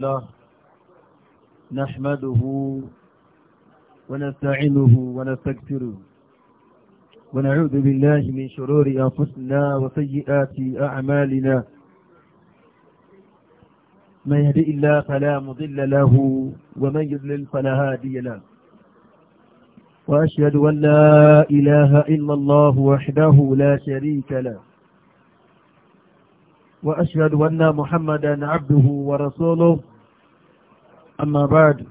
الله نحمده ونستعينه ونستغفره ونعوذ بالله من شرور أنفسنا وسيئات أعمالنا من يهدئ الله فلا مضل له ومن يضلل فلا هادي له وأشهد أن لا إله إلا الله وحده لا شريك له وأشهد أن محمدا عبده ورسوله أما بعد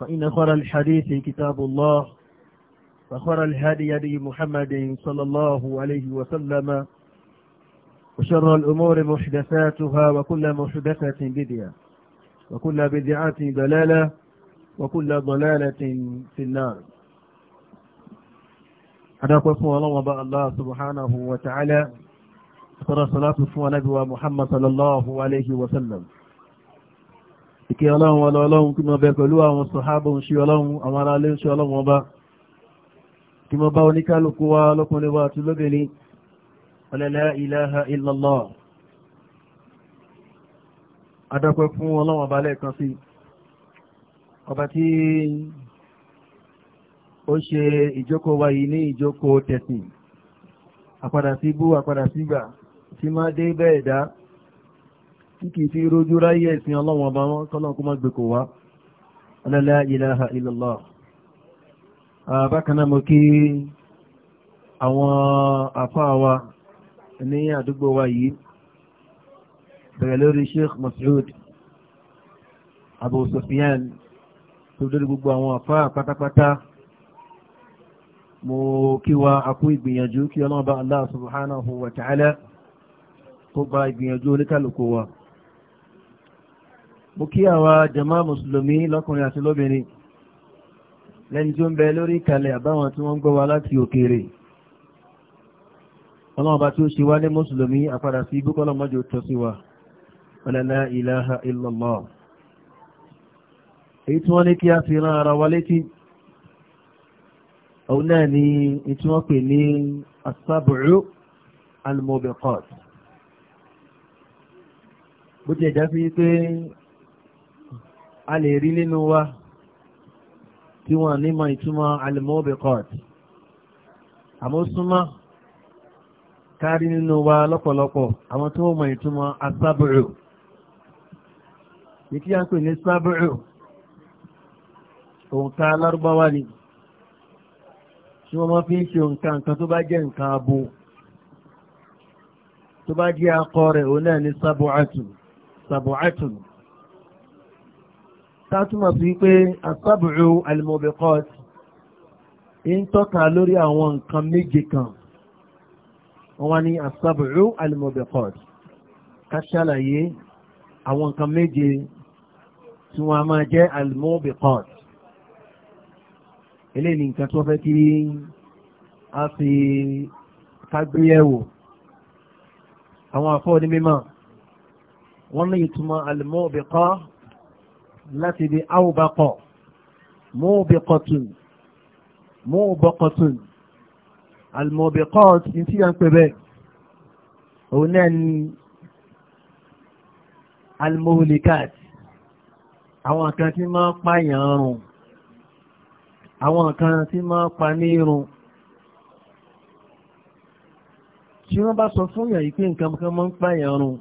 فإن خير الحديث كتاب الله وخير الهدي هدي محمد صلى الله عليه وسلم وشر الأمور محدثاتها وكل محدثة بدعة وكل بدعة ضلالة وكل ضلالة في النار أنا أقول الله سبحانه وتعالى sọ́rọ̀ sọ́látù fún anábíwa Muhammad sallallahu alayhi wa sallam ìkẹ́ ọlọ́run ọlọ́run kí mọ́ bẹ pẹ̀lú àwọn sọ̀hábà ń ṣe ọlọ́run àwọn ará lé ń ṣe ọlọ́run ọba kí mọ́ bá oníkálukú wa lọ́kùnrin fún ọlọ́run ọba lẹ́ẹ̀kan sí ọba tí ó ṣe ìjókòó wa ní ìjókòó tẹ̀sìn àpadà sí bú àpadà sígbà tí máa dé bẹ́ẹ̀ dá tí kìí fi rojú ráyé ẹ̀sìn ọlọ́wọ̀n ọba wọn kọ́lọ́n kó má gbé kò wá la ilaha illallah bákanáà mo kí àwọn àfáà wa ní àdúgbò wa yìí bẹ̀rẹ̀ lórí Sheikh Mas'ud Abu Sufyan tó dórí gbogbo àwọn àfáà pátápátá mo kí wa akú ìgbìyànjú kí ọlọ́ọ̀bá Allah subhanahu wa ta'ala kó gba ìgbìyànjú oníkàlùkù wa mo kí àwa jama mùsùlùmí lọ́kùnrin àti lóbìnrin lẹ́ni tí ó ń bẹ lórí ìkàlẹ̀ àbáwọn tí wọ́n ń gbọ́ wa láti òkèèrè ọlọ́run bá tí ó ṣe wá ní mùsùlùmí àpadà sí ibúkọ́lọ́ mọ́jọ tọ́ sí wa ọlọ́lá ìlàhà illallah èyí tí wọ́n ní kí a fi rán ara wa létí òun náà ni tí ní asábùrú almobiqat bó ti ẹ̀já sí pé a lè rí nínú wa tí wọ́n nímọ̀ ìtumọ̀ alimobiqat àmọ́ súnmọ́ kárí nínú wa lọ́pọ̀lọpọ̀ àwọn tó mọ̀ ìtumọ̀ asábùrù ìtí a ń pè ní sábùrù òǹkà alárúbáwá ni tí wọ́n máa fi ń ṣe òǹkà nǹkan tó bá jẹ́ nǹkan abo tó bá jẹ́ akọ rẹ̀ òun náà ní sábùrù sàbùcátùn tátúmọ̀ sí pé asábùrù alimobikot ń tọ́ka lórí àwọn nǹkan méje kan wọ́n ní asábùrù alimobikot ká ṣàlàyé àwọn nǹkan méje tí wọ́n a máa jẹ́ alimobikot eléyìí nǹkan tí fẹ́ kí a fi kágbéyẹ̀wò àwọn àfọ́ ní wọ́n ní ìtumọ̀ alimobiqa láti di awubakọ mobikọtun mobọkọtun alimobiqa ní tí a ń pè bẹ́ẹ̀ òun náà ni alimoholikat àwọn kan tí máa ń pààyàn rùn àwọn kan tí máa pa ní irun tí wọ́n bá sọ fún yàn pé nǹkan kan máa ń pààyàn rùn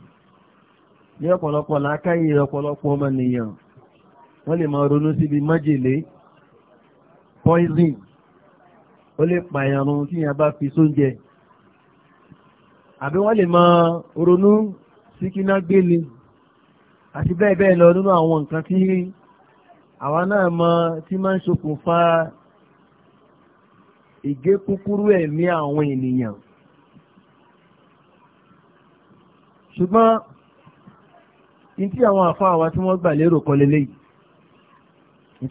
ní ọ̀pọ̀lọpọ̀ làákàyè ọ̀pọ̀lọpọ̀ ọmọnìyàn wọ́n lè máa ronú síbi májèlé poison ó lè pààyàn run tí yẹn bá fi sóúnjẹ àbí wọ́n lè máa ronú sí kíná gbélé àti bẹ́ẹ̀ bẹ́ẹ̀ lọ nínú àwọn nǹkan tí àwa náà mọ tí máa ń ṣokùnfà ìgé kúkúrú ẹ̀mí àwọn ènìyàn ṣùgbọ́n tí àwọn àfa àwa tí wọ́n gbà lérò kọ́ lélẹ́yìí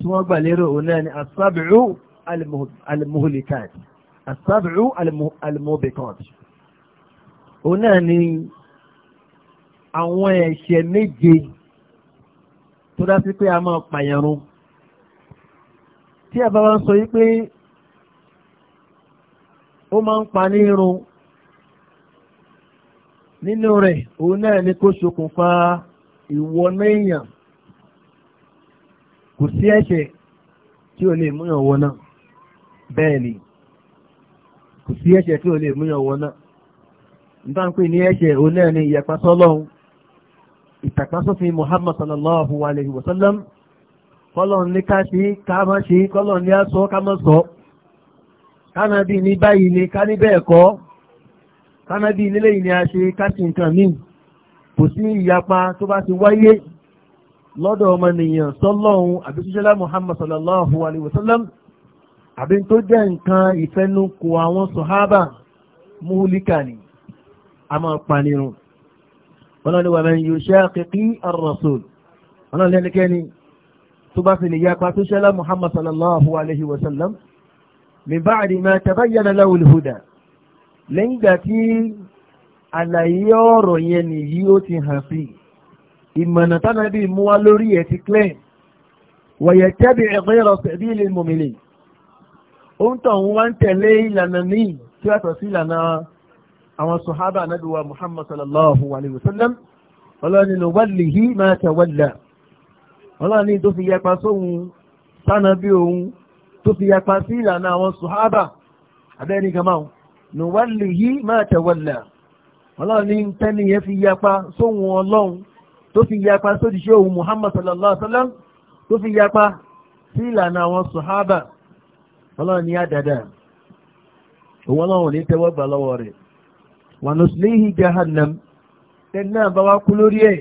tí wọ́n gbà lérò òun náà ni asábìrú alimuhulikat asábìrú alimuhubikat òun náà ni àwọn ẹ̀ṣẹ̀ méje tó dá sí pé a máa pààyàn tí a ń sọ yí pé ó máa ń pa ní irun nínú rẹ̀ òun ni kó ṣokùnfà ìwọ náà yàn kò sí ẹ̀ṣẹ̀ tí o lè múyàn wọ náà bẹ́ẹ̀ ni kò sí ẹ̀ṣẹ̀ tí o lè múyàn wọ náà nígbà pé ní ẹ̀ṣẹ̀ o náà ni Muhammad sallallahu alayhi wa sallam kọ́lọ̀n ní ká ṣe ká má kọ́lọ̀n ní aṣọ ni ká ní bẹ́ẹ̀ kọ́ yìí a ṣe kò sí ìyapa tó bá ti wáyé lọ́dọ̀ ọmọnìyàn sọ́lọ́hun àbíṣíṣẹ́lá muhammad sallallahu alayhi wa sallam àbí tó jẹ́ nǹkan ìfẹ́nukò àwọn sọ̀hábà múlíkàní a máa panirun wọn lọ́ni wà mẹ́rin yóò ṣe àkẹ́kí ar-rasul wọn lọ́ni ẹnikẹ́ni tó bá fi lè yapa tó ṣẹlá muhammad sallallahu alayhi wa sallam min ba'di ma tabayyana lahu al lẹ́yìn ìgbà àlàyé ọ̀rọ̀ yẹn nìyí ó ti hàn sí ìmọ̀nà tánàbí mú wá lórí ẹ̀ ti clean wọ̀yẹ̀ tẹ́bi ẹ̀kọ́ yẹ̀rọ sẹ̀bí ilé mòmìnì ó ń tọ̀ wọ́n ń tẹ̀lé ìlànà míì tí wọ́n tọ̀ sí ìlànà àwọn sòhábà anábìwá muhammad sallallahu alayhi wa sallam ọlọ́ni ló wà lìhí máa tẹ̀ wọ́lá ọlọ́ni tó fi yapa sóhun tánàbí òun tó fi yapa sí ìlànà àwọn sòhábà abẹ́ẹ̀ni gàmáà ló wà lìhí máa tẹ̀ wọ́lá ọlọ́run ní tẹ́ni yẹn fi yapa sóhun ọlọ́run tó fi yapa sódìṣẹ́ òun muhammad sallallahu alaihi wa sallam tó fi yapa sí ìlànà àwọn sòhábà ọlọ́run ní àdàdà òun ọlọ́run ní tẹ́wọ́ gbà lọ́wọ́ rẹ̀ wa nuslihi jahannam tẹ́ni náà bá wá kú lórí ẹ̀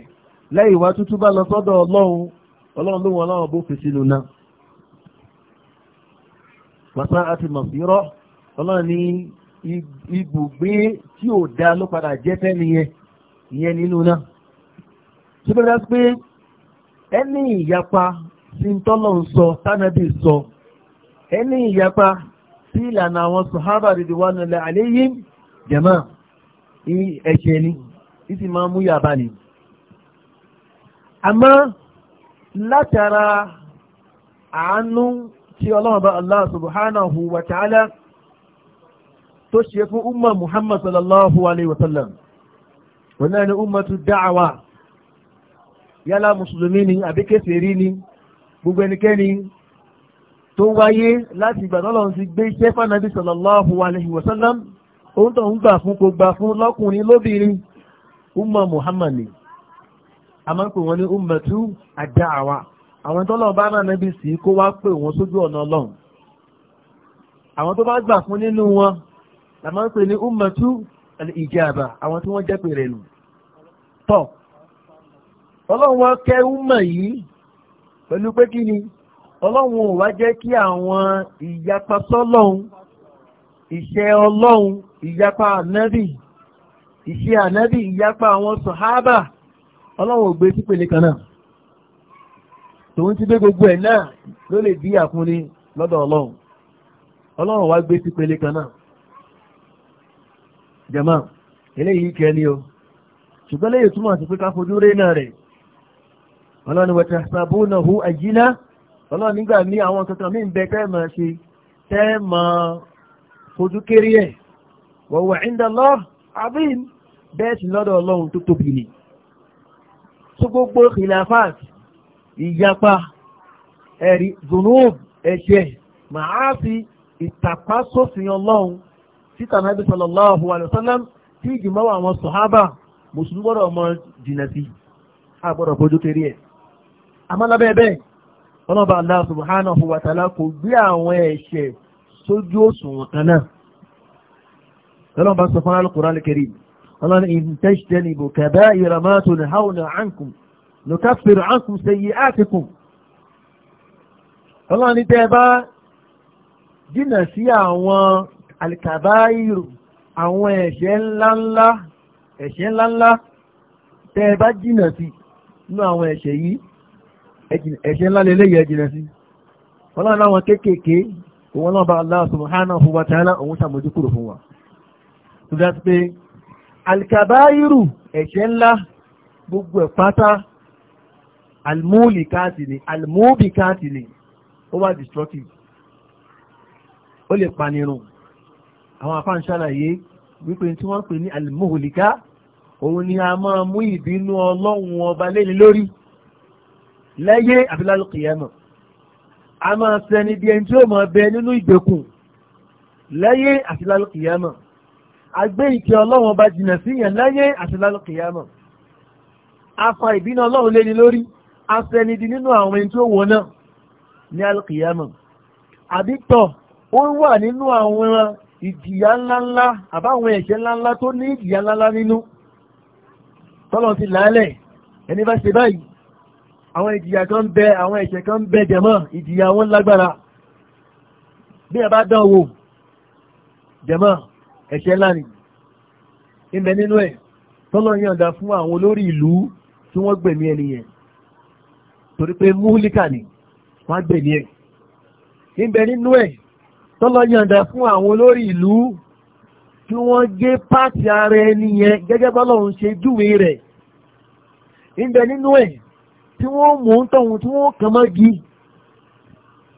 láì wá tútú bá lọ sọ́dọ̀ ọlọ́run ọlọ́run ló wọn ọlọ́run bó fi sínú náà wàsá àti màsírọ́ ọlọ́run ní ibùgbé tí ò dá ló padà jẹ́ fẹ́mi yẹn ìyẹn nínú náà tó bẹ́ẹ̀ dájú pé ẹni ìyapa sí tọ́lọ̀ ń sọ tánàbí sọ ẹni ìyapa sí ìlànà àwọn sọ̀hábà rèdè wà nílẹ̀ jẹ̀mọ́ ni ìsì máa mú yàbá ni àmọ́ látara àánú tí ọlọ́run bá tó ṣe fún umma muhammad sallallahu alaihi wasallam wọn náà ni umma tu da'awa yálà mùsùlùmí ni àbí kèfèrí ni gbogbo ẹnikẹ́ni tó wáyé láti ìgbà tọ́lọ́run ti gbé iṣẹ́ fánàbí sallallahu alaihi wasallam òun tó ń gbà fún kò gbà fún lọ́kùnrin lóbìnrin umma muhammad ni a máa ń pè wọ́n ní ummatu ad-da'wa àwọn tọ́lọ́run bá náà sí kó wá pè wọ́n sójú ọ̀nà ọlọ́run àwọn tó bá gbà fún nínú wọn la máa ń pè ní ummatu al-ijaba àwọn tí wọ́n jẹ́ pèrè nù tọ́ ọlọ́run wọn kẹ́ umma yìí pẹ̀lú pé kí ni ọlọ́run ò wá jẹ́ kí àwọn ìyapa sọ́lọ́hun ìṣẹ́ ọlọ́run ìyapa ànábì ìṣẹ́ ànábì ìyapa àwọn sọ̀hábà ọlọ́run ò gbé sípele kan náà tòun ti gbé gbogbo ẹ̀ náà ló lè di àkúnni lọ́dọ̀ ọlọ́run ọlọ́run wá gbé sípele kan náà jẹ̀mọ́ eléyìí kẹ́ ni o ṣùgbọ́n léyìí túmọ̀ sí pé ká fojú rí náà rẹ̀ ọlọ́ni wọ́n ti sàbó náà hu àyínà ọlọ́ni nígbà ní àwọn kankan mí bẹ tẹ́ máa ṣe tẹ́ máa fojú kéré ẹ̀ wọ́n wà ń dán àbí bẹ́ẹ̀ sì lọ́dọ̀ ọlọ́run tó tóbi ni tó gbogbo khilafat ìyapa ẹ̀rí zunub ẹ̀ṣẹ̀ màá fi ìtàpá sófin ọlọ́run títà nàbí sallallahu alaihi wasallam tí ìgbìmọ̀ àwọn sọ̀hábà mùsùlùmí gbọ́dọ̀ ọmọ jìnà sí àgbọ̀dọ̀ fojú kéré ẹ̀. ọlọ́ba Allah subhanahu wa ta'ala kò gbé àwọn ẹ̀ṣẹ̀ sójú òṣùwọ̀n kan náà. ọlọ́ba sọ fún al-Qur'an al-Karim ọlọ́ni in tajtanibu kaba'ira ma ankum nukaffiru ankum sayyi'atikum. ọlọ́ni tẹ́ bá jìnà sí àwọn alìkàbáyìrù àwọn ẹ̀ṣẹ̀ ńláńlá ẹ̀ṣẹ̀ ńláńlá tẹ́ ẹ bá jìnà sí inú àwọn ẹ̀ṣẹ̀ yìí ẹ̀ṣẹ̀ ńlá lélẹ́ yẹ jìnà sí ọlọ́run àwọn kéékèèké òun náà bá Allah subhanahu wa ta'ala òun ṣàmójú kúrò fún wa tó dá sí pé alìkàbáyìrù ẹ̀ṣẹ̀ ńlá gbogbo ẹ̀ pátá almúlì káàtì ó wà destructive ó lè panirun àwọn afáàn ṣàlàyé wípé tí wọ́n pè ní alimoholika òun ni a máa mú ìbínú ọlọ́run ọba lẹ́ni lórí láyé àbílálùkìyàmọ̀ a máa sẹni bí ẹni tí ó máa bẹ nínú ìgbèkùn láyé àbílálùkìyàmọ̀ a gbé ìkẹ́ ọlọ́run ọba jìnà síyàn láyé àbílálùkìyàmọ̀ a fa ìbínú ọlọ́run lẹ́ni lórí a sẹni di nínú àwọn ẹni tí ó wọ náà ní alùkìyàmọ̀ àbítọ̀ ó wà nínú àwọn ìjìyà ńláńlá àbáwọn ẹ̀ṣẹ̀ ńláńlá tó ní ìjìyà ńláńlá nínú tọ́lọ̀ ti làálẹ̀ ẹni bá ṣe báyìí àwọn ìjìyà kan bẹ àwọn ẹ̀ṣẹ̀ kan bẹ jẹ̀mọ́ ìjìyà wọn lágbára bí ẹ bá dán wò jẹ̀mọ́ ẹ̀ṣẹ̀ ńlá ni ìbẹ̀ nínú ẹ̀ tọ́lọ̀ yànda fún àwọn olórí ìlú tí wọ́n gbẹ̀mí ẹni yẹn torí pé múlíkà ni wọ́n gbẹ̀mí ẹ̀ ìbẹ̀ nínú ẹ̀ tọ́lọ́ yànda fún àwọn olórí ìlú kí wọ́n gé páàtì ara ẹni yẹn gẹ́gẹ́ bọ́lọ̀ ń ṣe júwe rẹ̀ ìbẹ̀ nínú ẹ̀ tí wọ́n mú ń tọ̀hún tí wọ́n kàn mọ́ igi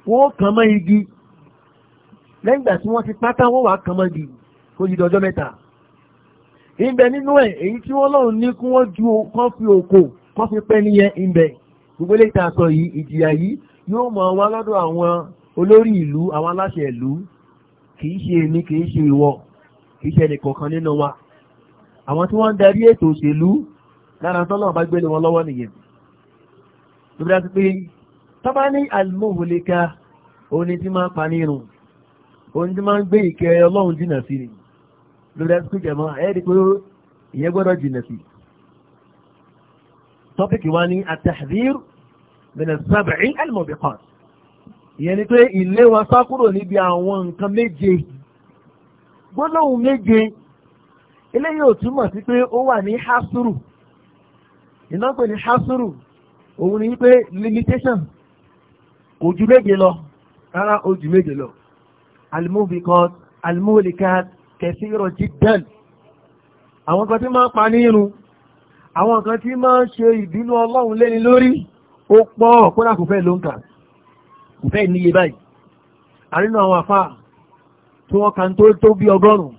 wọ́n kàn mọ́ igi lẹ́yìn ìgbà tí wọ́n ti pátá wọ́n wà kàn mọ́ igi kó yí dọjọ́ mẹ́ta ìbẹ̀ nínú ẹ̀ èyí tí wọ́n lọ́run ní kí wọ́n ju kán fi òkò kán fi pẹ́ níyẹn ìbẹ̀ gbogbo lè ta yìí ìjìyà yìí yóò mọ̀ wá lọ́dọ̀ àwọn olórí ìlú àwọn aláṣẹ ìlú kìí ṣe èmi kìí ṣe ìwọ kìí ṣe ẹnìkọ̀ọ̀kan nínú wa àwọn tí wọ́n ń darí ètò òṣèlú lára tọ́lọ̀ bá gbé ní wọn lọ́wọ́ nìyẹn tó bí dájú pé tọ́bá ní àlùmọ́hùlẹ́ka oní tí máa ń pa nírun oní tí máa ń gbé ìkẹ́ ọlọ́run jìnà sí ni tó bí dájú pé jẹ̀mọ́ ẹ̀ẹ́dì pé ìyẹn gbọ́dọ̀ jìnà sí tọ́pìkì wa ní àtàhír bẹ̀rẹ̀ sábẹ̀ àlùmọ̀bẹ̀kọ́sì ìyẹn ni pé ìlé wọn sá kúrò níbi àwọn nǹkan méje gbólóhùn méje eléyìí ò túmọ̀ sí pé ó wà ní hasuru iná pè ní hasuru òun ni pé limitation kò ju méje lọ rárá ó ju méje lọ alimubikat alimulikat kẹsíro jidan àwọn kan tí máa ń pa ní irun àwọn kan tí máa ń ṣe ìbínú ọlọ́run léni lórí ó pọ̀ kódà kò fẹ́ ló ń kà sí kò fẹ́ níye báyìí àrínú àwọn afá tí wọ́n kan tó tó bí ọgọ́rùn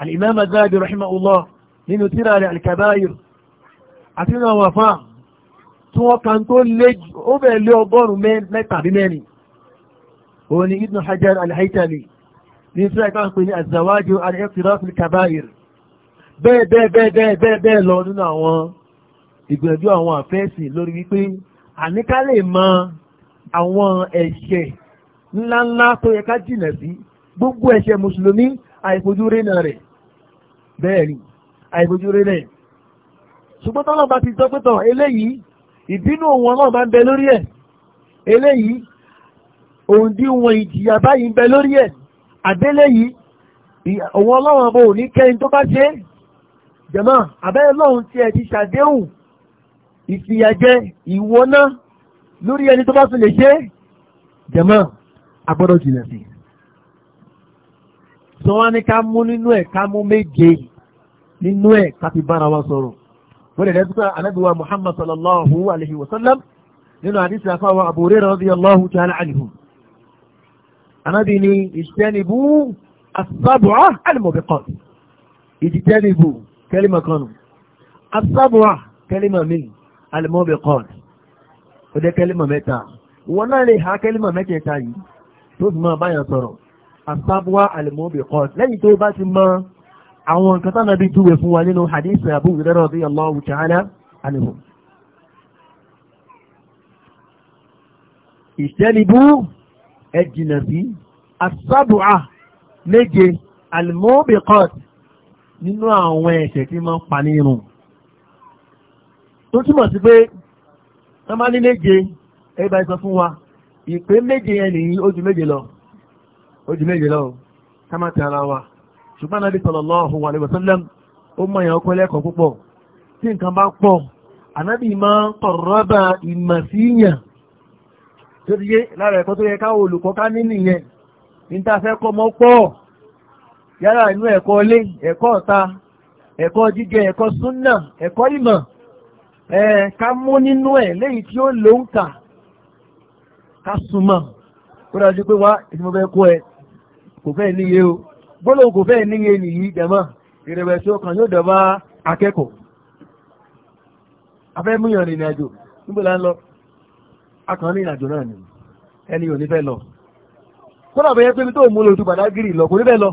al-imam az-zahabi rahimahullah nínú tírà rẹ̀ al-kabair àti nínú àwọn afá tí wọ́n kan tó lé ó bẹ̀ lé ọgọ́rùn mẹ́ta bí mẹ́rin òun ni ibn hajar al-haytami ní tírà ìkan pè àwọn ẹ̀ṣẹ̀ ńláńlá tó yẹ ká jìnà sí gbogbo ẹ̀ṣẹ̀ mùsùlùmí àìfojú rénà rẹ̀ bẹ́ẹ̀ ni àìfojú rénà rẹ̀ ṣùgbọ́n tọ́lọ́ba ti sọ pé tàn eléyìí ìbínú òun ọlọ́run bá ń bẹ lórí ẹ̀ eléyìí òǹdíwọ̀n ìjìyà báyìí ń bẹ lórí ẹ̀ àbẹ́lẹ́yìí òun ọlọ́run ọba ní kẹ́yìn tó bá ṣe jẹ̀mọ́ àbẹ́lẹ́ lọ́run tiẹ̀ ti ṣàdéhùn ìfìyàjẹ ìwọ́ná lórí ẹni tó bá fi lè ṣe jẹ̀mọ́ agbọ́dọ̀ jìnà sí sọ wá ní ká mú nínú ẹ̀ ká mú méje nínú ẹ̀ ká fi bára wa sọ̀rọ̀ wọ́n lè lẹ́sùn náà anábìwá muhammad sallallahu alayhi wa sallam nínú àdìsí afáwọn Abu Hurairah radiyallahu ta'ala anhu anábì ni ìṣẹ́nibú asábùá alìmọ̀bẹ̀kọ̀ ìdìtẹ́nibú kẹlímà kanu asábùá kẹlímà mi alìmọ̀bẹ̀kọ̀ ó jẹ́ kẹ́límà mẹ́ta wọn náà lè ha kẹ́límà mẹ́tẹ̀ẹ̀ta yìí tó fi máa báyàn sọ̀rọ̀ asábúwá alimobi kọ́ lẹ́yìn tó bá ti mọ àwọn nǹkan tánà bí júwe fún wa nínú hadith abu hurairah radiyallahu ta'ala anhu ìṣẹ́libú ẹ̀jìnà sí asábúwá méje alimobi kọ́ nínú àwọn ẹ̀ṣẹ̀ tí máa pa ní tó túmọ̀ sí pé wọ́n máa ní méje ẹgbà ìsọ fún wa ìpè méje yẹn nìyí ojú méje lọ ojú méje lọ ká má ti ara wa ṣùgbọ́n Ànábì sallallahu alaihi wasallam ó mọ èèyàn ọkọ ẹlẹ́kọ̀ọ́ púpọ̀ tí nǹkan bá pọ̀ ànábì máa ń qarraba ìmọ̀síyàn tó ti yé lára ẹ̀kọ́ tó yẹ ká ní ta fẹ́ kọ́ ká mú nínú ẹ̀ lẹ́yìn tí ó ló ń kà ká súnmọ́ kó dájú pé wá ètò kó ẹ kò fẹ́ níye o gbólóhùn kò fẹ́ níye nìyí dẹ̀mọ́ ìrẹ̀wẹ̀sì ọkàn yóò dẹ̀ bá akẹ́kọ̀ọ́ afẹ́ múyàn rìnrìn níbo la ń lọ akàn náà ni ẹni ò ní fẹ́ lọ pé tó mú bàdágìrì lọ kò ní fẹ́ lọ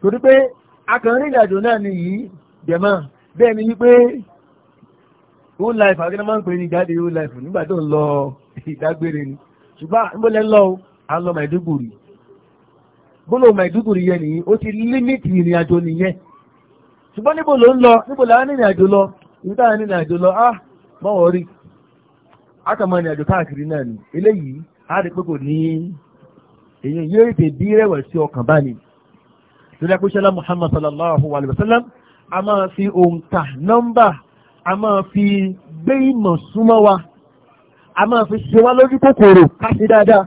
torí pé akàn náà ni yìí bẹ́ẹ̀ ni wípé whole life àgbẹ̀dẹ̀ máa ń pè ní life nígbà tó lọ ìdágbére ni ṣùgbọ́n níbọ̀lẹ́ lọ à ń lọ Maiduguri gbọ́dọ̀ Maiduguri yẹn nìyí ó ti límìtì ìrìn àjò nìyẹn ṣùgbọ́n níbo ló ń lọ níbo ní ah, ìrìn àjò lọ ní ìrìn àjò lọ á ni eléyìí rí pé kò ní yóò ni a máa fi gbé ìmọ̀ súnmọ́ wa a máa fi ṣe wá lójú kòkòrò ká ṣe dáadáa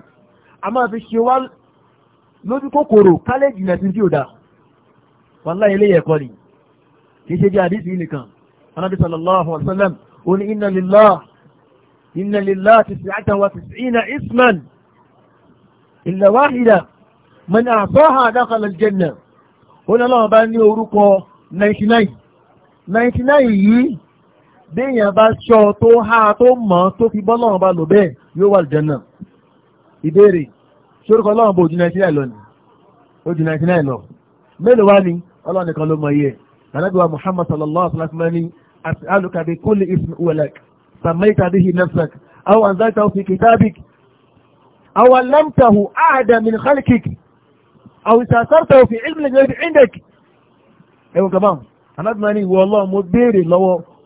a máa fi ṣe wá lójú kòkòrò ká lè jìnà sí tí ò dáa wàláyé ilé ẹ̀kọ́ ni kìí ṣe bí àdísì nìkan anábì sallallahu alaihi wasallam ó ní inna lillah inna lillah tis'atan wa tis'ina isman illa wahida man a'taha dakhala al-jannah ó ní ọlọ́run bá ní orúkọ 99 99 yìí béèyàn bá ṣọ́ tó há tó mọ̀ tó fi bọ́ lọ́wọ́ bá lò bẹ́ẹ̀ yóò wà lùjẹ́nà ìbéèrè ṣorúkọ lọ́wọ́ bó ju 99 lọ ni ó ju 99 lọ mélòó wá ni ọlọ́run nìkan ló mọ iye anábìwá muhammad sallallahu alaihi wa sallam ni as'aluka bi kulli ismi walak samaita bihi nafsak aw anzaltahu fi kitabik aw 'allamtahu ahadan min khalqik aw istasartahu fi ilmi al-ghayb 'indak ẹ̀wọ̀n kàmá anábìwá mo béèrè lọ́wọ́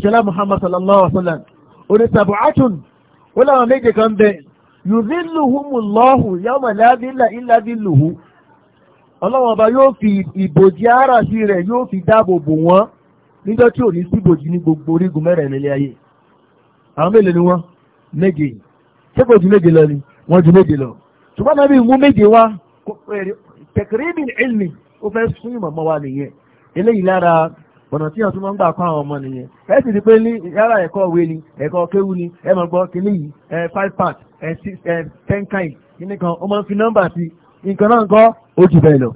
ṣẹlá muhammad sallallahu alaihi wa sallam oníṣàbọ̀ atún ó láwọn méje kan bẹ yùzílùhùmùlọ́hù yawma lábílà ìlàbílùhù ọlọ́wọ́n ọba yóò fi ìbòjì ara sí rẹ̀ yóò fi dáàbò bò wọ́n níjọ́ tí ò ní síbòjì ní gbogbo orígun mẹ́rẹ̀ẹ̀rin ilé ayé àwọn mélòó ni wọ́n méje ṣé kò ju méje lọ ni wọ́n ju méje lọ ṣùgbọ́n náà bí mú méje wá tẹ̀kìrìbìn ilmi ó fẹ́ sún ìmọ̀ mọ́ wa nìyẹn eléyìí lára ọ̀nà tí ọ̀tún máa ń gbà kọ́ àwọn ọmọ nìyẹn ẹ sì ti pé ní yàrá ẹ̀kọ́ òwe ni ẹ̀kọ́ kéwu ni ẹ máa gbọ́ kínní yìí ẹ five part ẹ six ẹ ten kind kínní kan ó máa ń fi nọ́mbà sí nǹkan náà kọ́ ó bẹ́ẹ̀ lọ.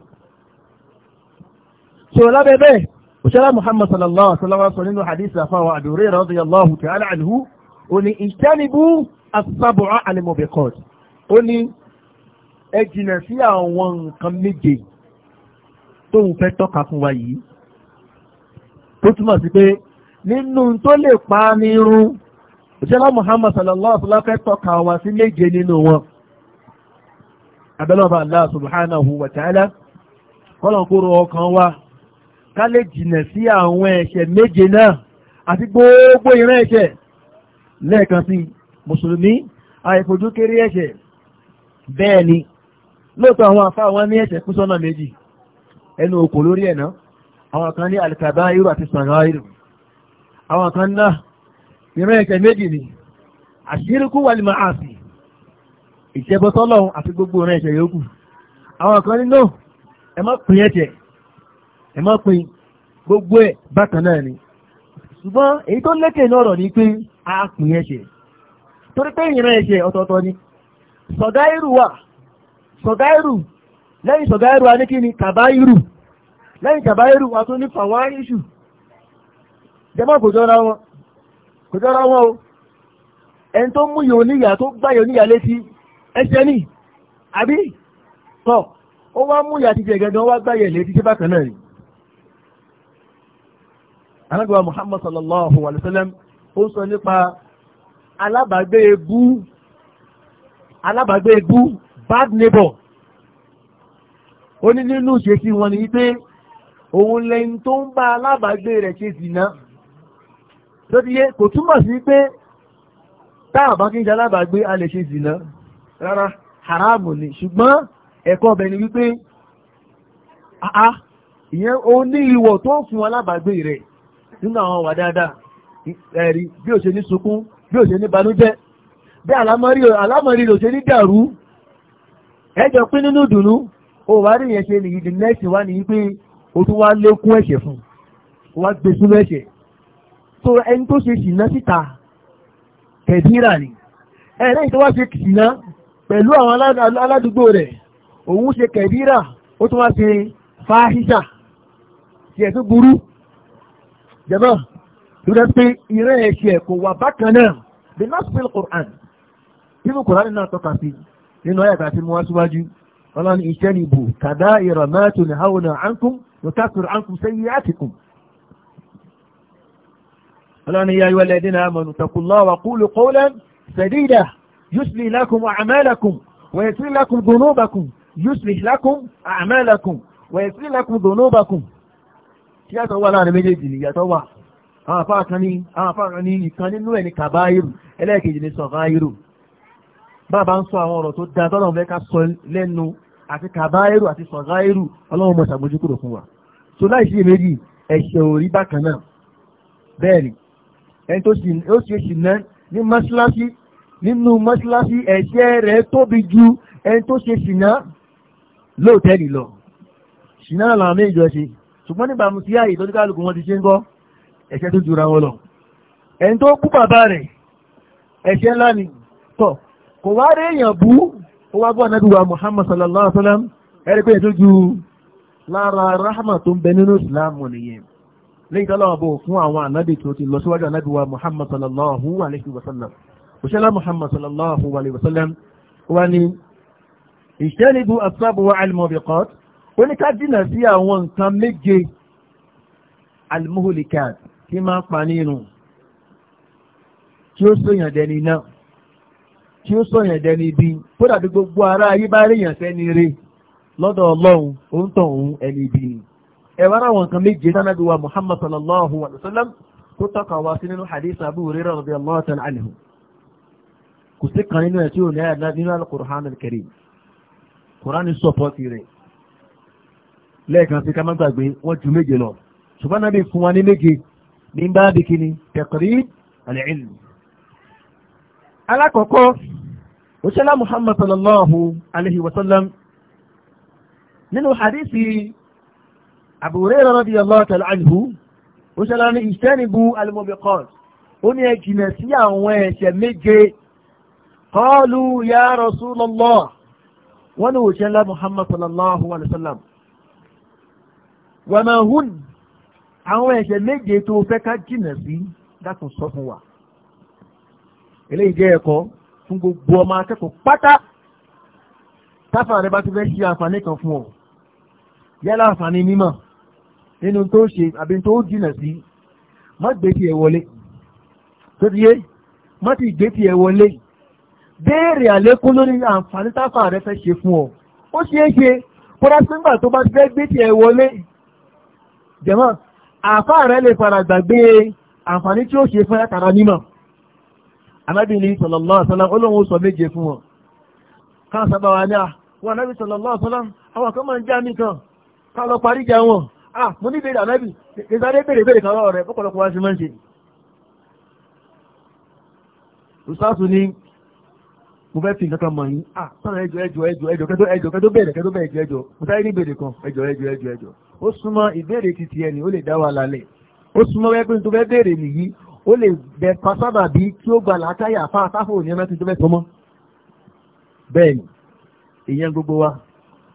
so lábẹ́ bẹ́ẹ̀ òṣèlá Muhammad sallallahu alaihi wa sallam sọ nínú hadith àfàwọn àdúrà radiyallahu ta'ala anhu Oni ní ìjánibú asábùrà alimobekot ó ní ẹ jìnà sí àwọn nǹkan méje tóun fẹ́ tọ́ka fún wa yìí tó túmọ̀ sí pé nínú tó lè pa ní irun òṣèlú Muhammad sallallahu alaihi wa fẹ́ tọ́ka wa sí méje nínú wọn abẹ́lọ́ba Allah subhanahu wa ta'ala kọ́lọ̀kúrò ọkàn wa ká lè jìnà sí àwọn ẹ̀ṣẹ̀ méje náà àti gbogbo ìran ẹ̀ṣẹ̀ lẹ́ẹ̀kan sí mùsùlùmí àìfojú ẹ̀ṣẹ̀ bẹ́ẹ̀ ni lóòótọ́ àwọn ní ẹ̀ṣẹ̀ kú sọ́nà méjì àwọn kan ní alkabairu àti sagairu àwọn kan náà ìran ẹ̀kẹ́ méjì ni àṣírikú wà ní máa sì ìṣẹ́bọ́sọ́lọ́hun àti gbogbo ìran ẹ̀kẹ́ yòókù àwọn kan nínú ẹ má ẹ̀jẹ̀ ẹ má gbogbo ẹ̀ bákan náà ni ṣùgbọ́n èyí tó lékè ní ọ̀rọ̀ ni pé a pín ẹ̀jẹ̀ torí pé ni sọ̀gáìrù wà sọ̀gáìrù lẹ́yìn sọ̀gáìrù ní kí ni lẹ́yìn kàbáyérù wa tún ní fàwọn iṣu jẹmọ́ kò jọra wọn kò jọra wọn o ẹni tó mú yòó níyà tó gbá yòó níyà létí ẹsẹ̀ ní àbí tọ̀ ó wá mú yàtí jẹ̀gẹ̀dẹ̀ wá gbá yẹ̀ létí bákan náà rí alágbàwà Muhammad sallallahu alayhi wa sallam ó sọ nípa alábàgbé ebú alábàgbé ebú bad neighbor ó ní nínú ìṣesí wọn ni wípé òun lẹ́yìn tó ń bá alábàágbé rẹ̀ ṣe zìnà tó ti yé kò túmọ̀ sí pé táàbá kí ń ṣe alábàágbé a lè ṣe zìnà rárá haramu ni ṣùgbọ́n ẹ̀kọ́ ọbẹ̀ ni wípé àá ìyẹn o ní ìwọ̀ tó fún alábàágbé rẹ̀ nínú àwọn wà dáadáa ẹ̀rí bí ó ṣe ní sunkún bí ó ṣe ní banújẹ́ bí alámọ̀rí ló ṣe ní dàrú ẹjọ́ pín nínú dùnú o wà rí ìyẹn ṣe nìyí the next one ni wípé ó tún wá lékún ẹ̀ṣẹ̀ fún un wá gbé sínú ẹ̀ṣẹ̀ tó ẹni tó ṣe ṣìnà síta kẹ̀díra ni ẹ̀rẹ́yìn tó wá ṣe ṣìnà pẹ̀lú àwọn aládùúgbò rẹ̀ òun ṣe kẹ̀díra ó tún wá ṣe fáhíṣà tí ẹ̀ burú jẹ̀mọ́ tó dẹ́ ìrẹ́ ẹ̀ṣẹ̀ kò wà bákan náà bí násìlì Qur'an nínú Qur'an náà tọ́ka sí nínú ayàtà tí mo wá síwájú ọlọ́ni iṣẹ́ nìbò kàdá ìrọ̀mẹ́tò ní haúnà ánkùn وتكفر عنكم سيئاتكم قالوا يا أيها الذين آمنوا اتقوا الله وقولوا قولا سديدا يسلي لكم أعمالكم ويسلي لكم ذنوبكم يسلي لكم أعمالكم ويسلي لكم ذنوبكم yàtọ̀ wà láàrin méjèèjì ni yàtọ̀ wà àwọn afá kan ní àwọn afá kan ní ìkan nínú ẹ̀ ní kàbáyìrù ẹlẹ́ẹ̀kejì ní sọ̀gáyìrù bàbá ń sọ àwọn ọ̀rọ̀ tó dáa tọ́lọ́run fẹ́ ká sọ lẹ́nu àti kàbáyìrù àti sọ̀gáyìrù ọlọ́run mọ̀ ṣàgbójúkúrò fún wa so láì ṣe méjì ẹ̀ṣẹ̀ ò rí bákan náà bẹ́ẹ̀ ni ẹni tó ṣe ṣìnà ní mọ́ṣáláṣí nínú mọ́ṣáláṣí ẹ̀ṣẹ̀ rẹ̀ tóbi ju ẹni tó ṣe ṣìnà lóòtẹ́ẹ̀lì lọ ṣìnà làwọn méjì jọ ṣe ṣùgbọ́n nígbà mu sí ààyè tó ní kálukú wọn ti ṣe ń gbọ́ ẹ̀ṣẹ̀ tó jura wọn lọ ẹni tó kú bàbá rẹ̀ ẹ̀ṣẹ̀ ńlá ni tọ̀ kò wá rí èèyàn bú ó wá bọ́ ànábì Muhammad sallallahu alaihi wa sallam ẹ̀rí pé ètò ju lára rahma tó ń bẹ nínú islam nìyẹn lẹ́yìn tọ́lọ́wọ́ bò fún àwọn ànábì tó ti lọ síwájú ànábì wa muhammad sallallahu alayhi wa sallam òṣèlá muhammad sallallahu alayhi wa sallam wa ni ìṣẹ́nibu asábù wa alimobiqat ká dínà sí àwọn nǹkan méje alimuhulikat tí máa pa nínú tí ó sọ̀yàn dẹni náà tí ó sọ̀yàn dẹni bí kódà gbogbo ara ayé bá ríyàn sẹ́ni rí lọ́dọ̀ ọlọ́run òun tàn òun ẹni ibi ni ẹ̀wọ́n àwọn nǹkan méje sanabi wa muhammad sallallahu alayhi wa sallam tó tọ́ka wá sí nínú hadith abu hurairah radiyallahu ta'ala anhu kò sí kan nínú ẹ̀ tí ò ní àyà nínú al-Qur'an al-Karim Qur'an sọ̀pọ̀tì rẹ̀ lẹ́ẹ̀kan sí ká gbàgbé wọ́n ju méje lọ ṣùgbọ́n náà bí fún wa ní méje ní bá bí kíni taqrib al alákọ̀ọ́kọ́ òṣèlá muhammad sallallahu alayhi wa sallam nínú hadithi Abu Hurairah radiyallahu ta'ala anhu ó ṣẹlẹ̀ ní ìṣẹ́nibú al-mubiqat ó ní ẹ jìnà sí àwọn ẹ̀ṣẹ̀ méje qalu ya Rasulullah wọ́n ní òṣèlú ńlá Muhammad sallallahu alayhi wa sallam wa ma hun àwọn ẹ̀ṣẹ̀ méje tó fẹ́ ká jìnà sí dákun sọ fún wa eléyìí jẹ́ ẹ̀kọ́ fún gbogbo ọmọ akẹ́kọ̀ọ́ pátá táfà rẹ bá ti fẹ́ ṣe àǹfààní kan fún ọ yálà àǹfààní mímọ̀ nínú tó ṣe àbí tó jìnà sí má gbé tiẹ̀ wọlé tó ti yé má ti gbé tiẹ̀ wọlé béèrè àlékún lórí àǹfààní táfà rẹ fẹ́ ṣe fún ọ ó ṣeé ṣe kódà sí nígbà tó bá ti fẹ́ gbé tiẹ̀ wọlé jẹ̀mọ́ àfà rẹ lè fara gbàgbé àǹfààní tí ó ṣe fún látara mímọ̀ anábìnrin sallallahu alaihi wasallam olóhùn sọ méje fún wọn káà sábà ní à wọn anábì sallallahu alaihi àwọn kan máa ń já nìkan ká lọ parí jà wọn ah mo ní ìbéèrè ànábì ìsáré béèrè béèrè kan lọ́rọ̀ rẹ̀ pọ́pọ̀lọpọ̀ wá sí máa ń ṣe ìsáàtù ni mo fẹ́ fi nǹkan kan mọ̀ yín ah sọ̀rọ̀ ẹjọ́ ẹjọ́ ẹjọ́ ẹjọ́ kẹ́tọ́ ẹjọ́ kẹ́tọ́ bẹ̀rẹ̀ kẹ́tọ́ bẹ̀rẹ̀ ẹjọ́ ẹjọ́ mo sáré ní ìbéèrè kan ẹjọ́ ẹjọ́ ẹjọ́ ẹjọ́ ó súnmọ́ ìbéèrè titi ẹni ó lè dá wa lálẹ́ ó súnmọ́ wẹ́pẹ́ tó fẹ́ béèrè nìyí ó lè bẹ pasábà bí tí ó gba làákàyà fáfáfó òní ẹ̀mẹ́tì tó fẹ́ sọmọ́ bẹ́ẹ̀ ni ìyẹn gbogbo wa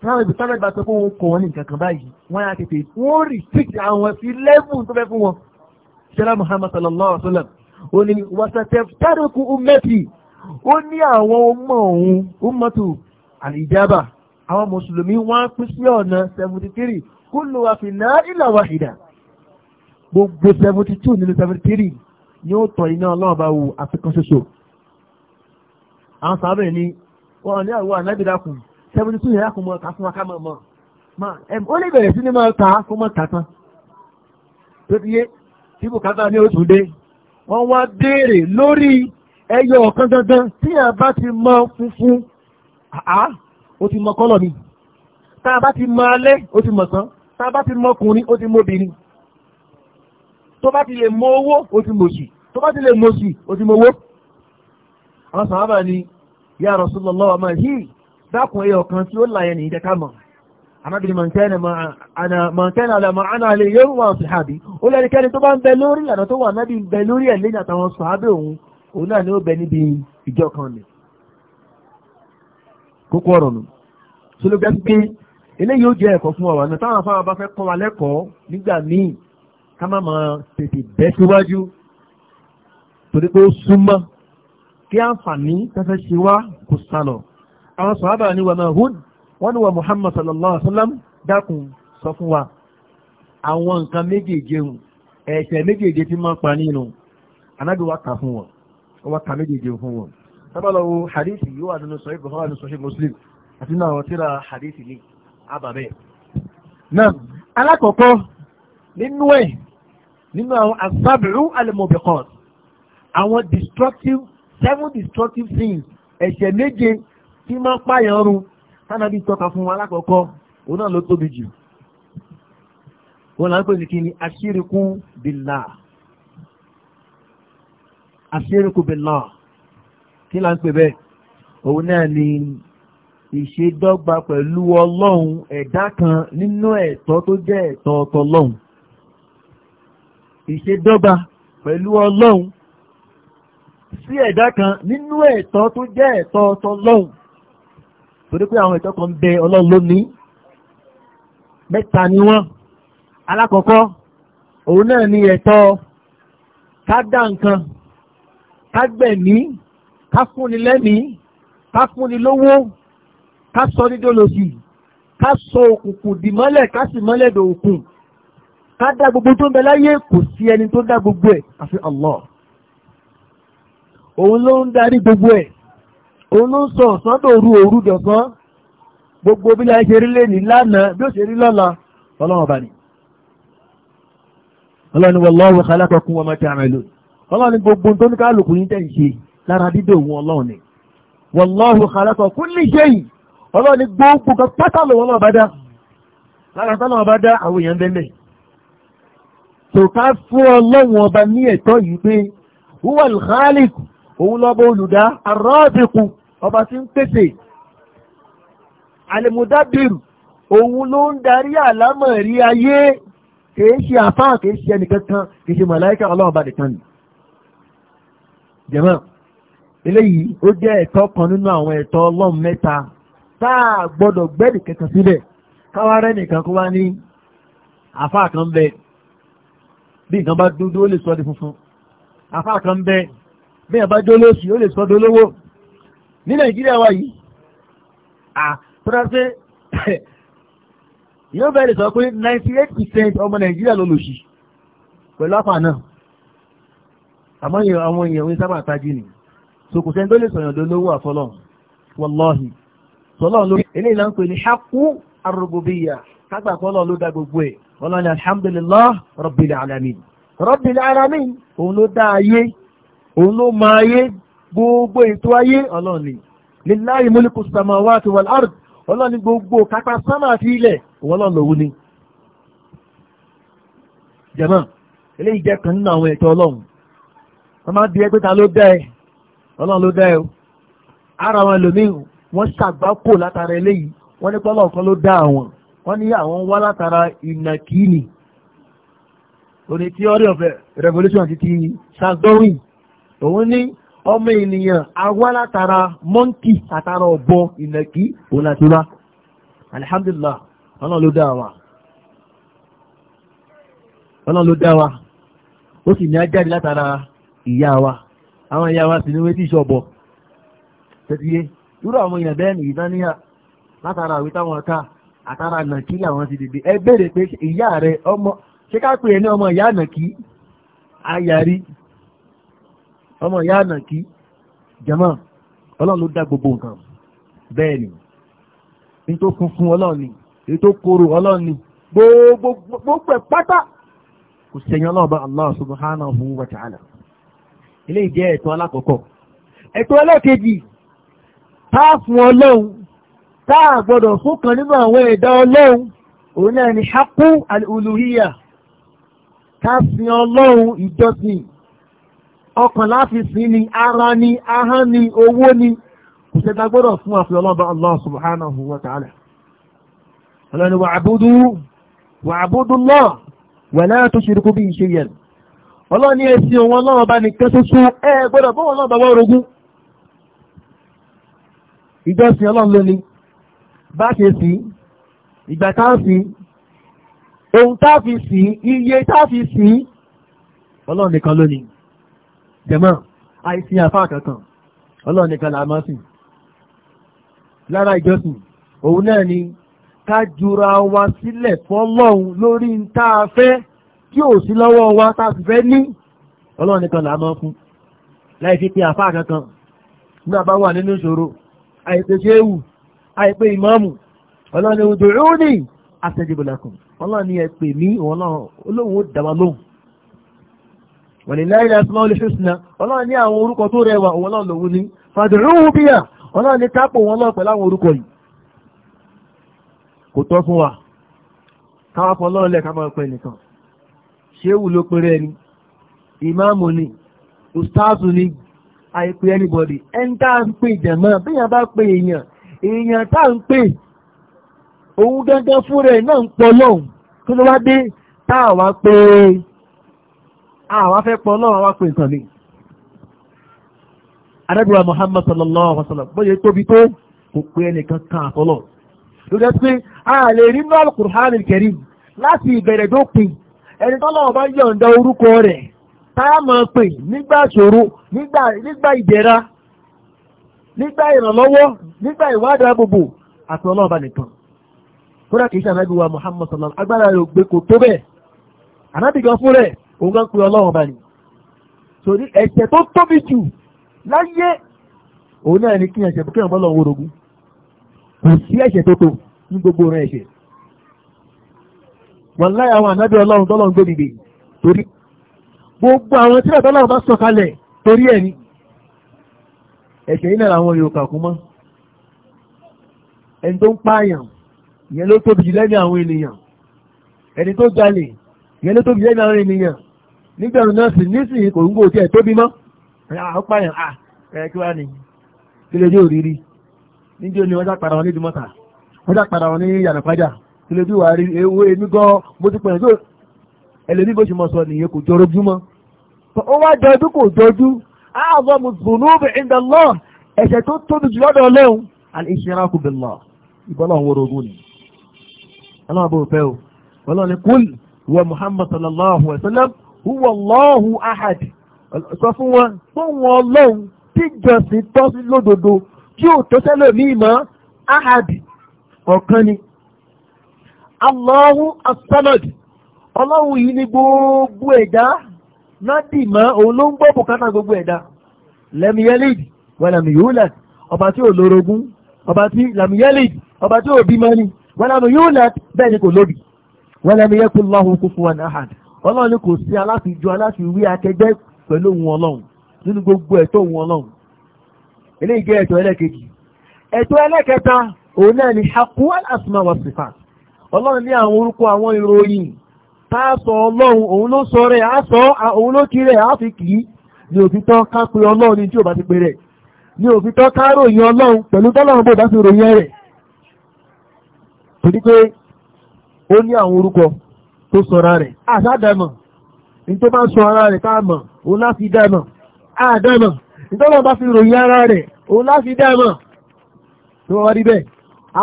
táwọn ibi táwọn ìgbà tó kó wọn kọ wọn ní nǹkan kan báyìí wọn á tètè wọn restrict àwọn sí level tó fẹ́ fún wọn. sẹ́lá muhammad sallallahu alayhi wa sallam ó ní wasatef tárùkù ó ní àwọn ọmọ òun umatu àlìjábà àwọn mùsùlùmí wọn pín sí ọ̀nà seventy three kullu wa fi náà illa wahida gbogbo seventy nínú seventy ni ó tọ̀ iná ọlọ́run bá wù àfikún ṣoṣo. àwọn sábẹ̀ ni wọn ní àwọn ànábìdàkùn seventy two yẹn kò mọ ká fún wa ká mọ mọ mọ ẹm ó lè bẹ̀rẹ̀ sí ni máa ta kó mọ ta tán tó ti yé tí kò kábàá ní oṣù dé wọ́n wá béèrè lórí ẹyọ ọ̀kan dandan tí a bá ti mọ funfun àá ó ti mọ kọ́lọ̀ mi tá a bá ti mọ alẹ́ ó ti mọ̀ tán tá a bá ti mọ ọkùnrin ó ti mọ obìnrin tó bá ti lè mọ owó ó ti mọ òṣì tó bá ti lè mọ òṣì ó ti mọ owó àwọn sàhábà ni ya Rasulullah máa yìí dákùn ẹyọ kan tí ó láyẹ ní ìjẹ kámọ̀ anábìrì mọ̀ntẹ́nà àlàmọ̀ àná lè yóò wà sí àbí ó lẹ́nikẹ́ni tó bá ń bẹ lórí ìlànà tó wà nábì bẹ lórí ẹ̀ lẹ́yìn àtàwọn sàábẹ̀ òun òun náà ni ó bẹ níbi ìjọ kan nì kókó ọ̀rọ̀ nù tó ló gbẹ́ pé eléyìí ó jẹ́ ẹ̀kọ́ fún ọ̀rọ̀ àná táwọn afárá bá fẹ́ kọ́ wa lẹ́kọ̀ọ́ nígbà míì ká má máa tètè bẹ́ síwájú torí pé ó súnmọ́ kí àǹfààní tẹ́fẹ́ ṣe wá kò sálọ àwọn sọ̀hábà ní wà máa hùn wọ́n ní wà Muhammad sallallahu alaihi wasallam, sallam dákun sọ fún wa àwọn nǹkan méjèèjì hùn ẹ̀ṣẹ̀ méjèèjì tí máa pa nínú anábì wa kà fún wọn wa kà méjèèjì fún wọn sábàlọ́wọ́ hadithi yóò wà nínú sọ̀hí Bukhari nínú sọ̀hí Muslim àti nínú àwọn tíra hadithi ní abàbẹ́ náà alákọ̀ọ́kọ́ nínú ẹ̀ nínú àwọn asábìrú alimobiqat àwọn destructive seven destructive things ẹ̀ṣẹ̀ méje tí máa ń pààyàn ọrùn tánàbí tọ́ka fún wọn alákọ̀ọ́kọ́ òun náà ló tóbi jù wọn là ń pè ní kí ni àṣírikú bìlà àṣírikú bìlà kí là ń pè bẹ́ẹ̀ òun náà ni ìṣedọ́gba pẹ̀lú ọlọ́run ẹ̀dá kan nínú ẹ̀tọ́ tó jẹ́ ẹ̀tọ́ ọtọlọ́run ìṣedọ́gba pẹ̀lú ọlọ́run sí ẹ̀dá kan nínú ẹ̀tọ́ tó jẹ́ ẹ̀tọ́ ọtọlọ́run torí pé àwọn ìtọ́kọ̀ ń bẹ ọlọ́run ló ní mẹ́ta ni wọ́n alákọ̀ọ́kọ́ òun náà ni ẹ̀tọ́ ká dá nǹkan ká gbẹ̀mí ká fúnni lẹ́mìí ká fúnni lówó ká sọ ní dólòsì ká sọ òkùnkùn dì mọ́lẹ̀ ká sì mọ́lẹ̀ dò òkun ká dá gbogbo tó ń bẹ láyé kò sí ẹni tó dá gbogbo ẹ̀ àfi Allah òun ló ń darí gbogbo ẹ̀ òun ló ń sọ ọ̀sán dòru òru dọ̀sán gbogbo bí láì ṣe rí lè ní lánàá bí ó ṣe rí lọ́la ọlọ́run ọba ni ọlọ́run ni wallahu khalaqakum wa ma ta'malun ọlọ́run ni gbogbo tó ní kálukú yín tẹ̀ ń ṣe lára dídò òun ọlọ́run ni wallahu khalaqa kulli shay ọlọ́run ni gbogbo kan ká ọba tí ń pèsè alimudabiru òun ló ń darí àlámọ̀ rí ayé kìí ṣe àfáà kìí ṣe ẹnìkankan kìí ṣe màláíkà ọlọ́run bá nìkan nì jẹ̀mọ́ eléyìí ó jẹ́ ẹ̀tọ́ kan nínú àwọn ẹ̀tọ́ ọlọ́run mẹ́ta tá a gbọ́dọ̀ gbẹ́dì kankan síbẹ̀ káwá rẹ́ nìkan kó wá ní àfáà kan bẹ bí nǹkan bá dúdú ó lè sọ di funfun àfáà kan bẹ bí nǹkan bá dólóṣì ó lè sọ dolówó ní nàìjíríà wà yìí à tọ́lá pé yóò bẹ̀rẹ̀ sọ pé ninety eight percent ọmọ nàìjíríà ló lòṣì pẹ̀lú àfà náà àmọ́ yẹn àwọn èèyàn ń sábà tají ni so tó lè sọ̀yàn lólówó àfọlọ́n wọlọ́hì sọlọ́n ló eléyìí náà ń pè ní ṣákú arúgbóbíyà kágbà kọ́lọ́ ló dá gbogbo ẹ̀ ọlọ́run ní alhamdulillah rabbil alamin rabbil alamin òun ló dá ayé òun ló máa ayé gbogbo ètò ayé ọlọ́run ni lillahi mulku samawati wal ard ọlọ́run ni gbogbo kápá sánmà àti ilẹ̀ ọlọ́run lòun ni. jẹ̀mọ́ eléyìí jẹ́ kan nínú àwọn ẹ̀tọ́ ọlọ́run wọ́n máa di ẹgbẹ́ta ló dá ẹ ọlọ́run ló dá ẹ o ara wọn lòmíì wọ́n ṣàgbápò látara eléyìí wọ́n ní pọ́lọ́ kan ló dá àwọn wọ́n ní àwọn wá látara ìnàkíní òní tí ọ̀rẹ́ ọ̀fẹ́ revolution ti ti Charles Darwin òun ní ọmọ ènìyàn awá látara mọ́ǹkì àtara ọ̀bọ ìnàkí òlàtíwá alihamdulillah ọlọ́run ló dá wa ọlọ́run ló dá wa ó sì ní ajáde látara ìyá wa àwọn ìyá wa sì ní wétí ìṣọ̀bọ̀ tẹ́tíyé irú àwọn èèyàn bẹ́ẹ̀ nìyí dáníyà látara àwí táwọn ká àtara nàkí làwọn ti dìde ẹ bèèrè pé ìyá rẹ ọmọ ṣé ká pè é ní ọmọ ìyá nàkí ayàrí ọmọ ìyá ànàkí jama ọlọ́run ló dá gbogbo nǹkan bẹ́ẹ̀ ni ní funfun tó gbogbo pátá kò Allah subhanahu wa ta'ala ilé ìjẹ́ ẹ̀tọ́ alákọ̀ọ́kọ́ ẹ̀tọ́ táà fún ọlọ́run táà gbọ́dọ̀ fún kan nínú àwọn ẹ̀dá ọlọ́run òun náà ni al ọlọ́run ọkàn láfi sí ni ara ni aha ni owó ni kò ṣe dágbọ́dọ̀ fún àfi ọlọ́ba Allah subhanahu wa ta'ala ọlọ́ni wà àbúdú wà àbúdú lọ wà láà tó bí ìṣe yẹn ọlọ́ni ẹ̀sìn òun ọlọ́run bá nìkan ẹ gbọ́dọ̀ wọ́n rogún ìjọsìn jẹ̀mọ́ àìsí àfá kankan ọlọ́run nìkan là máa sìn lára ìjọsìn òun náà ni ká jura wa sílẹ̀ fọlọ́run lórí ń tá a fẹ́ tí ò sí lọ́wọ́ wa tá a sì fẹ́ ní ọlọ́run nìkan fún láì fi pe àfá kankan nígbà bá wà nínú ìṣòro àìpé ṣéwù àìpé ìmáàmù ọlọ́run ni òdòdó ní àṣẹjìbìlàkùn ọlọ́run ni ẹ pè olóhùn ó dá lóhùn walillahi al-asmaul husna ọlọ́run ní àwọn orúkọ tó rẹwà òun náà lòun fad'uhu biha ọlọ́run ní kápò wọn náà pẹ̀lú àwọn orúkọ yìí kò tọ́ fún wa káwọn fọ ọlọ́run lẹ̀ ká máa pẹ́ ni ni anybody enta tá à ń pè ba pe eyan eyan èèyàn n pe ohun gangan pè òun gángan fúnra ẹ̀ náà kí ló àwọn ah, afẹ́ pọ̀ lọ́wọ́ wá pé nǹkan mi adágbéra Muhammad sallallahu alaihi wa sallam bóyá tóbi tó kò pé kan àfọlọ́ lórí a lè rí náà Al-Qur'anul láti ìbẹ̀rẹ̀ dópin ẹni tọ́lọ́wọ́ bá yọ̀ǹda orúkọ rẹ̀ táàmù pin nígbà ṣòro nígbà ìdẹ̀ra nígbà ìrànlọ́wọ́ nígbà ìwádìí àbòbò àti ọlọ́ọ̀bá nìkan kódà kìí ṣe wa Muhammad agbára rẹ̀ ò gbé kò tó òun kan pe ọlọ́run bá ní torí ẹ̀ṣẹ̀ tó tóbi jù láyé òun náà ní kí ẹ̀ṣẹ̀ kí ẹ̀ṣẹ̀ bọ́lọ̀ orogún kò sí ẹ̀ṣẹ̀ tó tó ní gbogbo rẹ̀ ẹ̀ṣẹ̀ wọ́n láyé àwọn ànábì ọlọ́run tọ́lọ́run gbé dìde torí gbogbo àwọn tí ọlọ́run bá sọ kalẹ̀ torí ẹ̀ ni ẹ̀ṣẹ̀ yìí náà làwọn yòókà kú mọ́ ẹni tó ń pààyàn ìyẹn ló tóbi jù lẹ́nu àwọn ènìyàn ẹni tó jalè ìyẹn ló tóbi jù lẹ́nu àwọn ènìyàn nígbẹ̀rún náà sì nísìnyí kò ń gbò tí ẹ̀ tóbi mọ́ àwọn pààyàn à ẹ̀ kí wá ní kí lè dé òrírí níjó ni wọ́n já wọn ní ìdúmọ̀tà wọ́n já wọn ní yànàpájà kí wà rí ewé mi gan mo ti pẹ̀lú ẹlẹ́ni bó ṣe mọ̀ sọ nìyẹn kò jọrọ ojú mọ́ ó wá jọjú kò jọjú àwọn mùsùlùmí ìdá lọ ẹ̀ṣẹ̀ tó tóbi jù lọ́dọ̀ ọlọ́run àti ìṣẹ́ra kù huwallahu ahad sọ fún wọn fún wọn ọlọ́run tí jọ̀sìn tọ́ sí lódodo ò tó sẹ́lẹ̀ mí mọ́ ahad ọ̀kan ni allahu as ọlọ́run yìí ni gbogbo ẹ̀dá nádì mọ́ òun ló ń gbogbo ẹ̀dá lẹ́mìyẹ́lìdì ọba tí ò lórogún ọba tí lẹ́mìyẹ́lìdì ọba tí ò bímọ ni bẹ́ẹ̀ ni kò lóbi ahad ọlọ́run ni kò sí aláfijọ́ aláfiwé akẹgbẹ́ pẹ̀lú òun ọlọ́run nínú gbogbo ẹ̀tọ́ òun ọlọ́run eléyìí jẹ́ ẹ̀tọ́ ẹlẹ́kejì ẹ̀tọ́ ẹlẹ́kẹta òun náà ni hakú asma wa sifat ọlọ́run ní àwọn orúkọ àwọn ìròyìn tá a sọ ọlọ́run òun ló sọ rẹ̀ á sọ òun ló kí rẹ̀ á kì í ní òfin ká pe ọlọ́run ní tí ò bá ti pe rẹ̀ ní òfin tán ká ròyìn ọlọ́run pẹ̀lú tọ́lọ́run bó bá ti ròyìn rẹ̀ torí pé ó ní àwọn orúkọ tó sọ̀rọ̀ rẹ̀ àṣàdàmọ̀ ní tó bá sọ ara rẹ̀ káàmọ̀ òun láti dàmọ̀ àdàmọ̀ ní tó lọ bá fi ròyìn ara rẹ̀ òun láti dàmọ̀ tó wọ́n rí bẹ́ẹ̀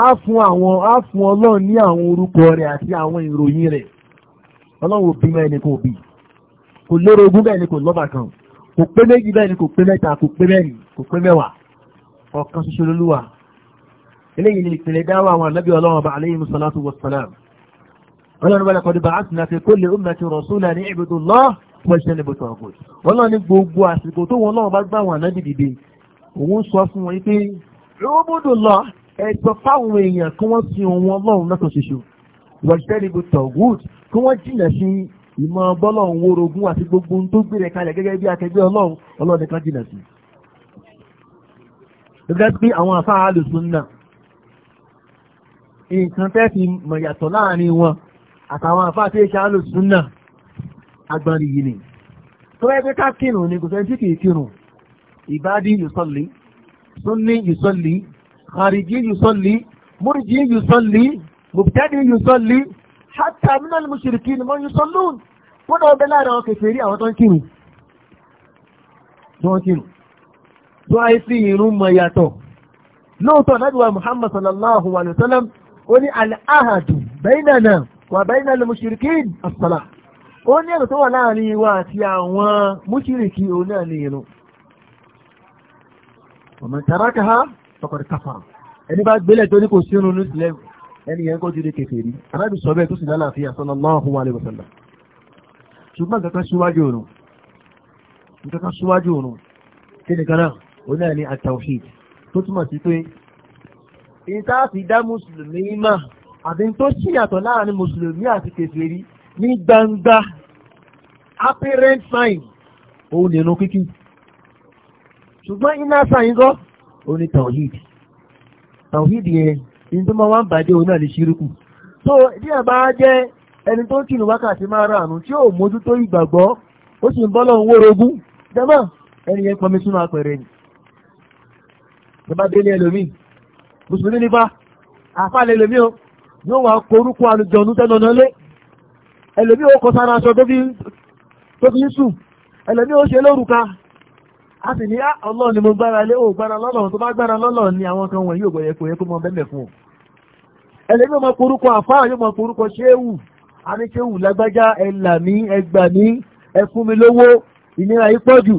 á fún àwọn á fún ọlọ́run ní àwọn orúkọ rẹ̀ àti àwọn ìròyìn rẹ̀ ọlọ́run òbí mọ́ ẹni kò bí kò lérò ogún bẹ́ẹ̀ mẹ́rin kò pé ọlọ́run wọlé kọ́dí bàá sinà fi kulli ummati rasula ní ibùdó lọ́ wọ́n ṣe níbo tó àgọ́ wọn náà ní gbogbo àsìkò tó wọn náà bá gbà wọn àná dìde òun sọ fún wọn pé ibùdó lọ ẹ̀tọ́ fáwọn èèyàn kí wọ́n sin òun ọlọ́run náà tó ṣoṣo wọ́n ṣe níbo tó àgọ́ kí wọ́n jìnà sí ìmọ̀ bọ́lọ́run worogún àti nǹkan tẹ́ fi mọ̀ láàrin wọn àtàwọn àfáàtí ẹ̀ṣẹ́ alùsùnà agbárí yìí ni tó bá ẹgbẹ́ ká kírun ni kò sẹ́ni tí kìí kírun ìbádí yùsọ́lì súnní yùsọ́lì kàrìjí yùsọ́lì múrìjí yùsọ́lì mùbítẹ́dì yùsọ́lì hátà mínàlì mùsùlùkì ni wọ́n yùsọ́lùn wọ́n náà bẹ láàrin àwọn kèfèrí àwọn tó ń kírun tó ń kírun tó ayé sí irun mọ yàtọ̀ lóòótọ́ nàdùwà Muhammad sallallahu alayhi wa sallam ó ní al-ahadu baynana náà wà bẹ́ẹ̀ náà lè mushrikin as-salah ó ní ẹ̀rọ tó wà láàrin wa àti àwọn mushriki òun náà ní irun ọmọ ìtàràkà ha faqad kafara ẹni bá gbélẹ̀ tó ní kò sínú ní ìsìlẹ̀ ẹni yẹn kó jíde kèfèrí aláàbí sọ bẹ́ẹ̀ tó sì lálàáfíà sallallahu àbí tó ṣìyàtọ̀ láàrin mùsùlùmí àti kèfèrí ní gbangba apparent sign òun nínú kíkí ṣùgbọ́n iná sign gọ́ òun ni tawhid tawhid yẹn ní tó máa wá ń bàjẹ́ òun náà lè ṣírùkù so bí a bá jẹ́ ẹni tó ń kìlù wákàtí máa ra àánú tí ó mójútó ìgbàgbọ́ ó sì ń bọ́ lọ́hún wórogún jẹ́mọ́ ẹni yẹn pọnmi sínú apẹ̀rẹ̀ ni ìjọba délé ẹlòmíì mùsùlùmí nípa àfáà lẹ́lòmíì yóò wá korúkú àlùjọ̀nú tẹ́nana lé ẹlòmí ó kọ sára aṣọ tó fi ń sùn ẹlòmí ó ṣe lórúka a sì ní ọlọ́ọ̀ ni mo gbára lé ó gbára lọ́lọ́ọ̀ tó bá gbára lọ́lọ́ọ̀ ni àwọn kan wọ̀nyí ògbọ̀yẹ kò yẹ kó mọ bẹ́ẹ̀ fún ọ ẹlòmí ó mọ korúkọ àfáà yóò mọ korúkọ ṣéwù àníṣéwù lágbájá ẹlà mi ẹgbà mi ẹfún mi lówó ìnira yìí pọ̀ jù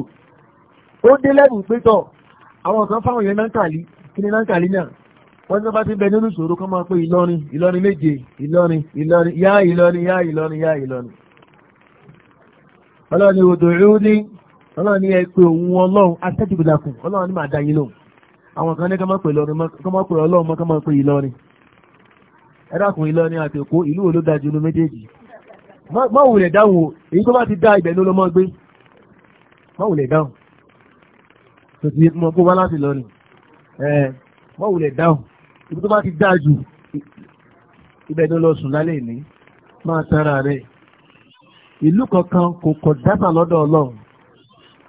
ó dé lẹ́bùn pétọ̀ àwọn kan fáwọn yẹn náà kàlí kí wọ́n tí wọ́n bá ti bẹ nínú ìṣòro kan máa pé ìlọrin ìlọrin méje ìlọrin ìlọrin yá ìlọrin yá ìlọrin yá ìlọrin ọlọ́ni odò rí ní ọlọ́ni ẹ pé òun ọlọ́run asẹ́jùbìlàkùn ọlọ́run máa dá yín lóhùn àwọn kan ní ká máa pè lọrin ká máa pè ọlọ́run ká máa pè ìlọrin ẹ dákun ìlọrin àti èkó ìlú wo ló dáa jù ní méjèèjì má wulẹ̀ dáhùn èyí tó bá ti dá ibẹ̀ ló mọ́ wulẹ̀ dáhùn ibi tó bá ti dáa jù ibẹ̀ ló lọ sùn lálẹ́ ìní máa tara rẹ̀ ìlú kankan kò kọ̀ dáta lọ́dọ̀ ọlọ́run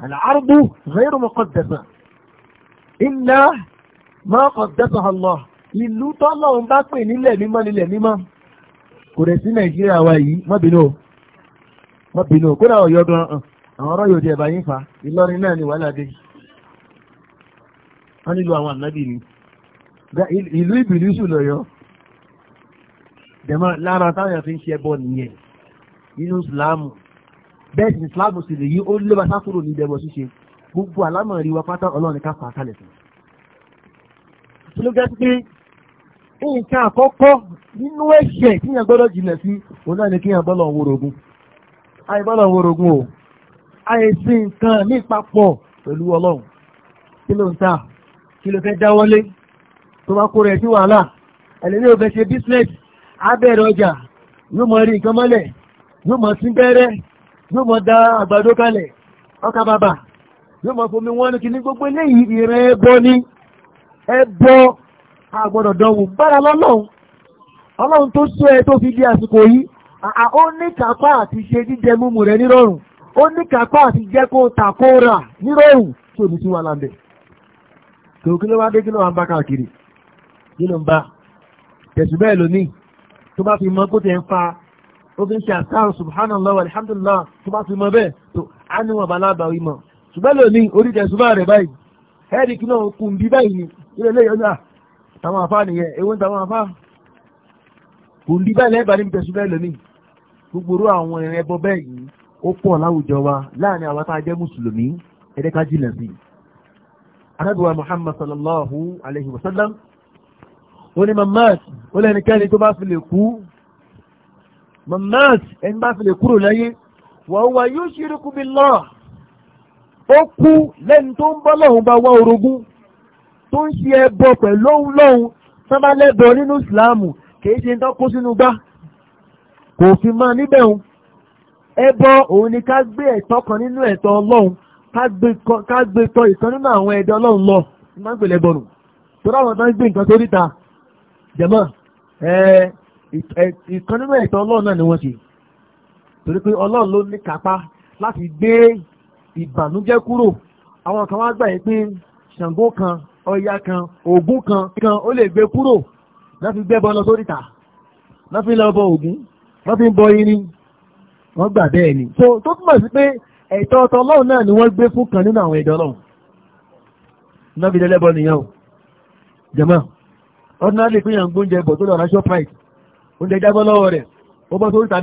àlàárùbù rẹ́rù mọ́kọ̀ dẹ̀sà iná máa kọ̀ dẹ̀sà ọlọ́ ìlú tọ́lọ́run bá pè nílẹ̀ mímọ́ nílẹ̀ mímọ́ kò rẹ̀ sí nàìjíríà wa yìí má bínú má bínú kódà ọ̀yọ́ gan-an àwọn ọ̀rọ̀ yòó di ẹ̀bà yín fa ìlọrin náà ni wàhálà dé wọ́n nílò àwọn ànábì ni ìlú ìbìlísù lọ́yọ́ dẹ̀mọ́ lára táwọn fi ń ṣe ẹbọ nìyẹn nínú ìsìláàmù bẹ́ẹ̀ sì ìsìláàmù sì lè yí ó lé bàtà kúrò ní ìdẹ̀bọ̀ ṣíṣe gbogbo àlámọ̀ rí wa pátá ọlọ́run ká fàá kalẹ̀ fún un ló jẹ́ pé nǹkan àkọ́kọ́ nínú ẹ̀ṣẹ̀ kíyàn gbọ́dọ̀ jìnà sí òun náà ni kíyàn bọ́lọ̀ worogun ayé bọ́lọ̀ worogun o ayé sí nǹkan ní ìpapọ̀ pẹ̀lú ọlọ́run kí ló ń ta kí ló fẹ́ dáwọ́lé tó bá kó rẹ̀ sí wàhálà ẹlẹ́ni ò ṣe business abẹ́rẹ́ ọjà yóò mọ rí nǹkan mọ́lẹ̀ yóò mọ sí bẹ́rẹ́ yóò mọ da àgbàdo kalẹ̀ ọkà bàbà yóò mọ fomi wọn ní gbogbo ìrẹ́ ẹbọ ní ẹbọ àgbọ̀dọ̀ dánwò bára lọ́lọ́run ọlọ́run tó sọ ẹ tó fi di àsìkò yìí ó ní kápá àti ṣe jíjẹ rẹ nírọ̀rùn ó ní kápá àti jẹ́ kó rà nírọ̀rùn tí wà lábẹ́ kí wá nínú ń bá tẹ̀sùn bẹ́ẹ̀ lónìí tó bá fi mọ kó tẹ̀ ń fa ó fi ń ṣe àtàrùn subhanallah alhamdulillah tó bá fi mọ bẹ́ẹ̀ tó á níwọ̀n balábà wí mọ̀ ṣùgbọ́n lónìí orí tẹ̀sùn bá rẹ̀ báyìí ẹ̀ẹ́dì kí náà kùn bí báyìí ilé ilé yọjọ́ àtàwọn afá nìyẹn ewu ń tàwọn afá kùn bí báyìí lẹ́bàá níbi tẹ̀sùn bẹ́ẹ̀ lónìí gbogbo àwọn ẹbọ bẹ́ẹ̀ yìí ó pọ̀ láwùjọ wa láàrin àwọn tá a jẹ́ mùsùlùmí ẹ̀ẹ́dẹ́ká jìnà sí i. sallallahu alayhi wa sallam ó ní mamat ó lẹ́nikẹ́ni tó bá fi lè kú mamat ẹni bá fi lè kúrò láyé wà ó wà yóò ṣirku billah ó kú lẹ́ni tó ń bọ́ lọ́hùn bá wá orogún tó ń ṣe ẹbọ pẹ̀lú lọ́hùn lọ́hùn sábà lẹ́bọ nínú ìsìláàmù kì í ṣe ń tọ́kó sínú gbá kò fi máa níbẹ̀ hùn ẹbọ òun ni ká gbé ẹ̀tọ́ kan nínú ẹ̀tọ́ ọlọ́hun ká gbé tọ ìkan nínú àwọn ẹ̀dọ́ ọlọ́hun lọ ní ń pè lẹ́bọ nù tó dáwọn tán gbé nǹkan tó ríta jẹ̀mọ́ ìkan nínú ẹ̀tọ́ ọlọ́run náà ni wọ́n ṣe torí pé ló ní kápá láti gbé ìbànújẹ́ kúrò àwọn kan wá gbà yín pé ṣàngó kan ọya kan Ogun kan kan ó lè gbé kúrò wọ́n fi gbẹ́bọ lọ sórí ta wọ́n fi lọ bọ ògùn wọ́n fi bọ irin wọ́n gbà bẹ́ẹ̀ ni so tó túmọ̀ pé ẹ̀tọ́ ọ̀tọ̀ ọlọ́run ni wọ́n gbé fún kan nínú àwọn ẹ̀dọ́ ọlọ́run ordinary pé yàn gbóúnjẹ bọ̀ tó lọ ránṣọ́ pride oúnjẹ jábọ́ lọ́wọ́ rẹ̀ ó bọ́ sórí ta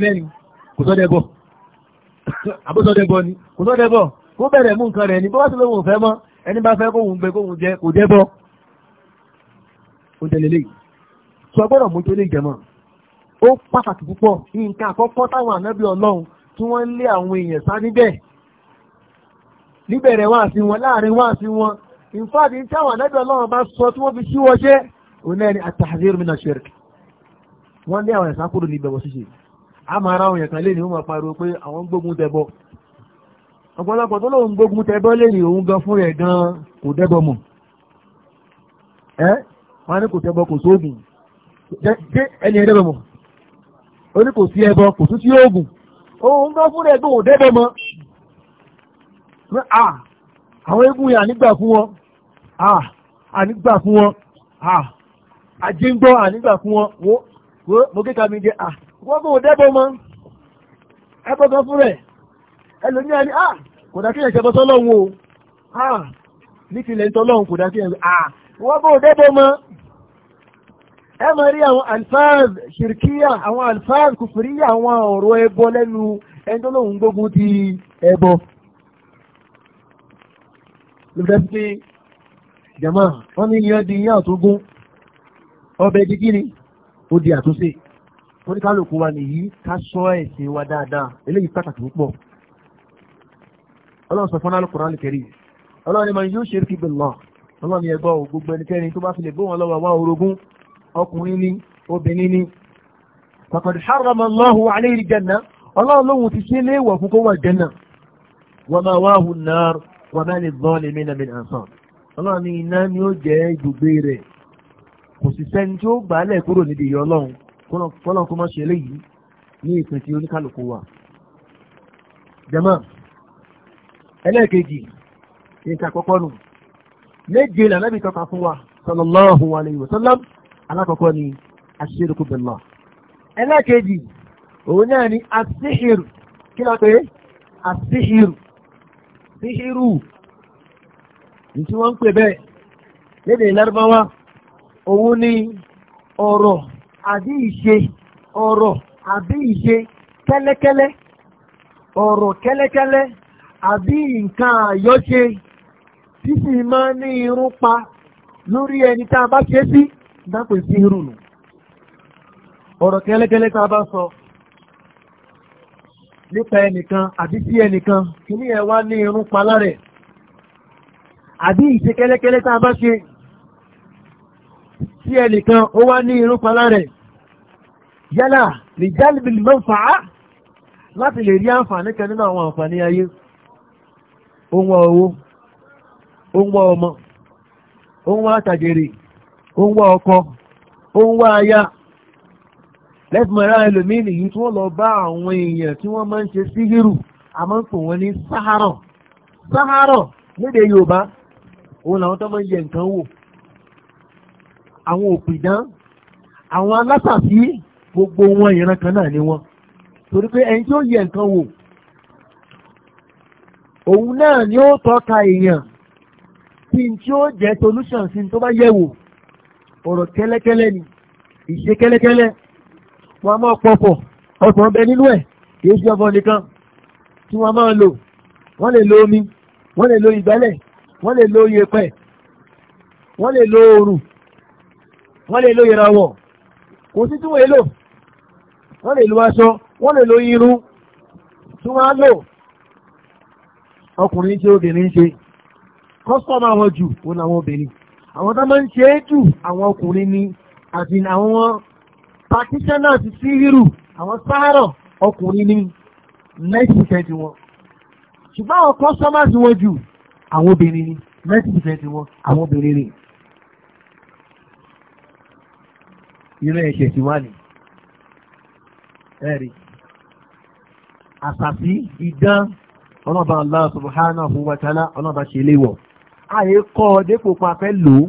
kò sọ́dẹ̀bọ̀ àbúsọ̀dẹ̀bọ̀ ni kò sọ́dẹ̀bọ̀ kó bẹ̀rẹ̀ mú nǹkan rẹ̀ ni bó bá ti lóhun fẹ́ mọ́ ẹni bá fẹ́ kóhun gbé kóhun jẹ kò dẹ́bọ̀ oúnjẹ lélẹ̀ sọ gbọ́dọ̀ mú tó lè jẹmọ́ ó pàtàkì púpọ̀ nǹkan àkọ́kọ́ táwọn ànábì ọlọ́run tí wọ́n ń lé àwọn èèyàn sá níbẹ̀ níbẹ̀rẹ̀ wá sí wọn láàrin wá sí wọn ìfáàdì tí àwọn ànábì ọlọ́run bá sọ tí wọ́n fi síwọ́ òun náà ni àtàhàzír mi náà ṣẹ́rìkì wọ́n ní àwọn ẹ̀sán kúrò ní ìbẹ̀wọ̀ ṣíṣe a máa ra àwọn èèyàn kan lé ní wọ́n máa pariwo pé àwọn gbógun tẹbọ ọ̀pọ̀lọpọ̀ tó lóun gbógun tẹbọ lé ní òun gan fún rẹ̀ gan kò dẹ́bọ mọ̀ ẹ́ ajé ń gbọ́ ànígbà fún wọn wo mo kéka mi jẹ à wọ́n kò dẹ́bọ̀ mọ́ ẹ̀kọ́ kan fún rẹ̀ ẹlòmíà ni à kò dá kí ẹ̀ ṣẹbọ sọ́lọ́hún o à ní tilẹ̀ ń tọ́lọ́hún kò dá kí ẹ̀ à wọ́n kò dẹ́bọ̀ mọ́ ẹ máa rí àwọn alfaz ṣìrìkíyà àwọn alfaz kùfìríyà àwọn ọ̀rọ̀ ẹbọ lẹ́nu ẹni tó gbógun ti ẹbọ. lọ́dọ̀ jama wọ́n ní yan di yan àtógún ọbẹ̀ di kí ni ó di àtúnṣe oníkálùkù wa nìyí ká sọ ẹ̀sìn wa dáadáa eléyìí pàtàkì púpọ̀ ọlọ́run sọ fún Al-Qur'an Karim ọlọ́run ni man yushrik billah ọlọ́run ni ẹgbọ́ gbogbo ẹnikẹ́ni tó bá fi lè bó wọn lọ́wọ́ wá orogún ọkùnrin ni obìnrin ni faqad harrama Allahu alayhi al-janna ọlọ́run lóhun ti ṣe léèwọ̀ fún kó ọlọ́run ni iná kò sì sẹ́ni tí ó gbàálẹ̀ kúrò níbi ìyọ́ ọlọ́run kọ́lọ́n kó má ṣe eléyìí ní ìpín tí oníkálukú wà. jẹ́mọ́ ẹlẹ́ẹ̀kejì nǹkan àkọ́kọ́ nù méje lànàbì tọ́ka fún wa sallallahu alayhi wa sallam alákọ̀ọ́kọ́ ni aṣíríkù billah ẹlẹ́ẹ̀kejì òun náà ni asíhìrù kí ló pé asíhìrù síhìrù ní tí wọ́n ń pè bẹ́ẹ̀ lédè lárúbáwá òun ni ọ̀rọ̀ àbí ìṣe ọ̀rọ̀ àbí ìṣe kẹ́lẹ́kẹ́lẹ́ ọ̀rọ̀ kẹ́lẹ́kẹ́lẹ́ àbí nǹkan àyọ́ṣe tí sì máa ní irun pa lórí ẹni tá a bá ṣe sí dápè sí irun nù ọ̀rọ̀ kẹ́lẹ́kẹ́lẹ́ tá a bá sọ nípa ẹnìkan àbí sí ẹnìkan kí ni ẹ wá ní irun pa lára ẹ̀ àbí ìṣe kẹ́lẹ́kẹ́lẹ́ tí ẹnìkan ó wá ní irun pa lára ẹ̀ yálà lè jálìbì ló ń fà á láti lè rí àǹfààní kan nínú àwọn àǹfààní ayé ó ń wá owó ó ń wá ọmọ ó ń wá àtàgèrè ó ń wá ọkọ ó ń wá aya lẹ́fìmọ̀ra ẹlòmíì nìyí tí wọ́n lọ bá àwọn èèyàn tí wọ́n máa ń ṣe síhírù a máa ń pè wọ́n ní sáhárọ̀ sáhárọ̀ lédè Yorùbá òun làwọn tó máa ń yẹ nǹkan wò àwọn òpìdán àwọn alásàfí gbogbo wọn ìran kan náà ni wọn torí pé ẹni tí ó yẹ nǹkan wò òun náà ni ó tọ́ka èèyàn tí n tí ó jẹ́ solution sí tó bá yẹ̀ wò ọ̀rọ̀ kẹ́lẹ́kẹ́lẹ́ ni ìṣe kẹ́lẹ́kẹ́lẹ́ wọn a máa pọ̀pọ̀ ọ̀sán bẹ nínú ẹ̀ kì í ṣe ọ̀fọ̀ nìkan tí wọ́n máa lò wọ́n lè lo omi wọ́n lè lo ìgbálẹ̀ wọ́n lè lo iyẹ̀pẹ̀ wọ́n lè lo oòrùn wọ́n lè lo ìràwọ̀ kò sí tí wọ́n lè lò wọ́n lè lo aṣọ wọ́n lè lo irun tí wọ́n á lò ọkùnrin ṣe obìnrin ṣe kọ́sọ́mù àwọn jù òun làwọn obìnrin àwọn tó máa ń ṣe é jù àwọn ọkùnrin ni àti àwọn practitioners sí irú àwọn sáárọ̀ ọkùnrin ni ninety percent wọn ṣùgbọ́n àwọn customers wọn jù àwọn obìnrin ni ninety percent wọn àwọn obìnrin ni. irú ẹ̀ṣẹ̀ sì wà ní ẹ̀rí àṣàfi idán ọlọ́ba Allah subhanahu wa ta'ala ọlọ́ba ṣe léwọ̀ àyè kọ́ dépò pa fẹ́ lò ó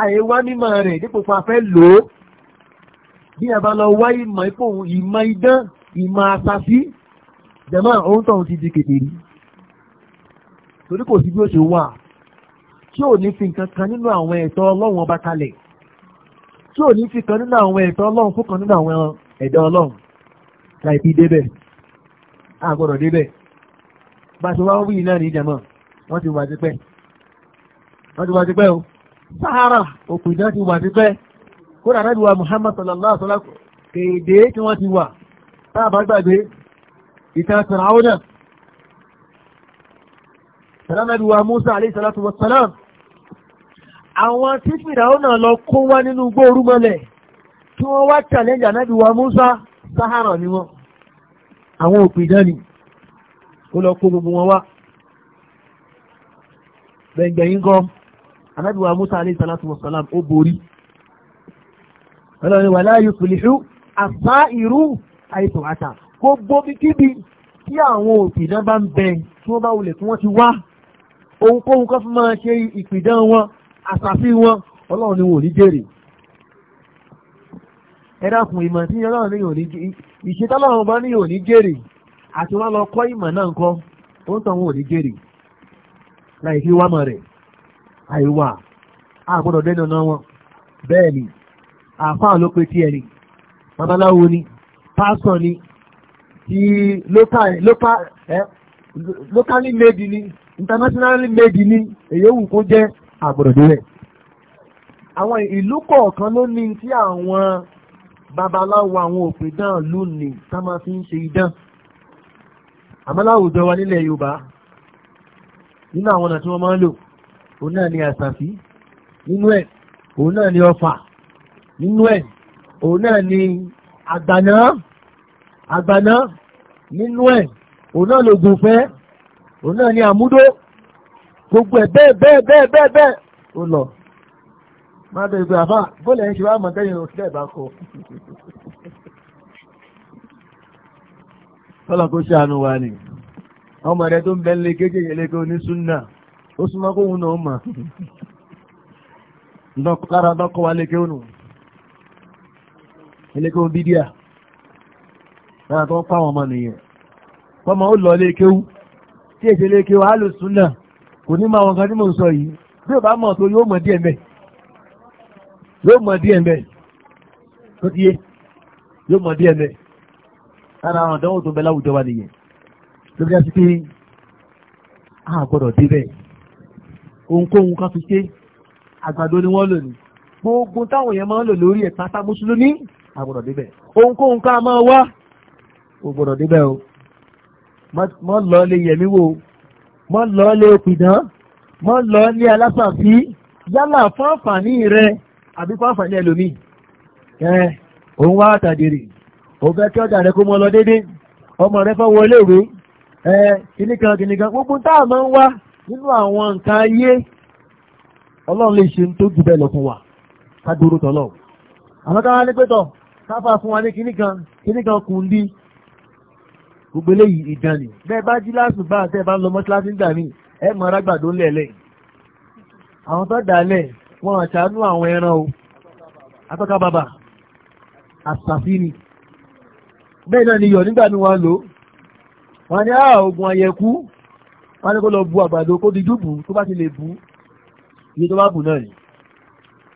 àyè wá mímọ̀ rẹ̀ dépò pa fẹ́ lò ó bí ẹ bá lọ wá ìmọ̀ ipò ìmọ̀ idán ìmọ̀ àṣàfi jẹ̀mọ́ ohun tóun ti di kékeré torí kò sí bí ó ṣe wà tí ò ní fi nǹkan kan nínú àwọn ẹ̀tọ́ ọlọ́run ọba kalẹ̀ tí ò ní fi kan nínú àwọn ẹ̀tọ́ ọlọ́run fún kan nínú àwọn ẹ̀dá ọlọ́run láì fi débẹ̀ a gbọ́dọ̀ débẹ̀ bá a ṣe wá wí náà ní ìjàmọ̀ wọ́n ti wà tipẹ́ wọ́n ti wà tipẹ́ o sahara òkú ìdá ti wà tipẹ́ kódà náà ti Muhammad sallallahu alaihi wa sallam kéde tí wọ́n ti wà tá a bá gbàgbé ìtàn sàràwọ́nà sàrànàdùwà Musa alayhi salatu wa salam àwọn tí fìdáwọ́ náà lọ kó wá nínú igbó orúmọlẹ̀ tí wọ́n wá challenge ànábì wa Musa sahara ni wọ́n àwọn òpìdán ni ó lọ kó gbogbo wọn wá gbẹ̀ngbẹ̀yìn gan ànábì wa Musa alayhi salatu wa salam ó borí ọlọ́run wà láàyè fìlìṣú àṣà ìrú àìsàn àtà gbogbo kíbi tí àwọn òpìdán bá ń bẹ tí wọ́n bá wulẹ̀ tí wọ́n ti wá ohunkóhun kan fún máa ṣe ìpìdán wọn Asafi wọn ọlọ́run ni wọn ò ní jèrè ẹ ìmọ̀ tí ọlọ́run ní yòó ní ìṣètò bá ní ní jèrè àti lọ kọ́ ìmọ̀ náà kọ́ ó ń tàn wọn ò ní jèrè láì fi wá mọ̀ rẹ̀ àìwà àgbọ̀dọ̀ ni ni babaláwo ni ni ti lókàlí méjì ni internationally méjì ni èyí ó àgbọ̀dọ̀ débẹ̀. àwọn ìlú kọ̀ọ̀kan ló ní tí àwọn babaláwo àwọn òpìdán lónìí tá máa fi ń ṣe idán àmọ́ láwùjọ wa nílẹ̀ Yorùbá nínú àwọn ọ̀nà tí wọ́n máa ń lò òun náà ni àṣàfí nínú ẹ̀ òun náà ni ọfà nínú ẹ̀ òun náà ni àgbàná àgbàná nínú ẹ̀ òun náà lògùnfẹ́ òun náà ni àmúdó gbogbo ẹ̀ bẹ́ẹ̀ bẹ́ẹ̀ bẹ́ẹ̀ bẹ́ẹ̀ bẹ́ẹ̀ ó lọ máa bẹ̀rẹ̀ pé àfà bọ́ọ̀lù ẹ̀yìn ṣe wá mọ̀tẹ́yìn òsì lẹ́ẹ̀ bá kọ. tọ́lá kó ṣàánú wa ni ọmọ rẹ tó ń bẹ́ lé kéjèèjì lé súnà ó súnmọ́ kó òun náà wa bídíà náà tó ń ọmọ nìyẹn ó lọ tí kò ní máa wọn kan tí mò ń sọ yìí bí ò bá mọ̀ tó yóò mọ̀ díẹ̀ mẹ́ yóò mọ̀ díẹ̀ mẹ́ tó ti yé yóò mọ̀ díẹ̀ mẹ́ lára àwọn àdánwò tó ń bẹ wa nìyẹn ló bí a ti pé a gbọ́dọ̀ débẹ̀ ohunkóhun kan fi ṣe àgbàdo ni wọ́n lò ní gbogbo táwọn èèyàn máa ń lò lórí ẹ̀ pátá mùsùlùmí a gbọ́dọ̀ débẹ̀ ohunkóhun ká máa wá o gbọ́dọ̀ débẹ̀ o mọ́ lọ lè yẹ̀mí wò mọ́ lọ lé òpìdán mọ́ lọ lé yálà fún ní rẹ àbí fún ní ẹlòmíì ẹ òun wá àtàdèrè òun fẹ́ kí ọjà rẹ kó mọ lọ ọmọ rẹ fọ́ wọlé ìwé ẹ kìnnìkan kìnnìkan gbogbo tá a máa ń wá nínú àwọn nǹkan ayé ọlọ́run lè ṣe tó jù bẹ́ẹ̀ lọ fún wa ká dúró tọ́lọ̀ káwá ní gbogbo eléyìí ìdán ni bẹ́ẹ̀ bá jí lásùn bá àtẹ́ bá lọ mọ́ṣáláṣí ń gbà mí ẹ mọ arágbàdo lẹ̀lẹ̀ àwọn tó dálẹ̀ wọn àṣàánú àwọn ẹran o atọ́ka bàbà àṣàfi ni bẹ́ẹ̀ náà ni yọ̀ nígbà mi wọn lò wọn ni á ah, oògùn àyẹ̀kú wọn ni kó lọ bu àgbàdo kó di dúbù tó bá ti lè bu iye tó bá bù náà ni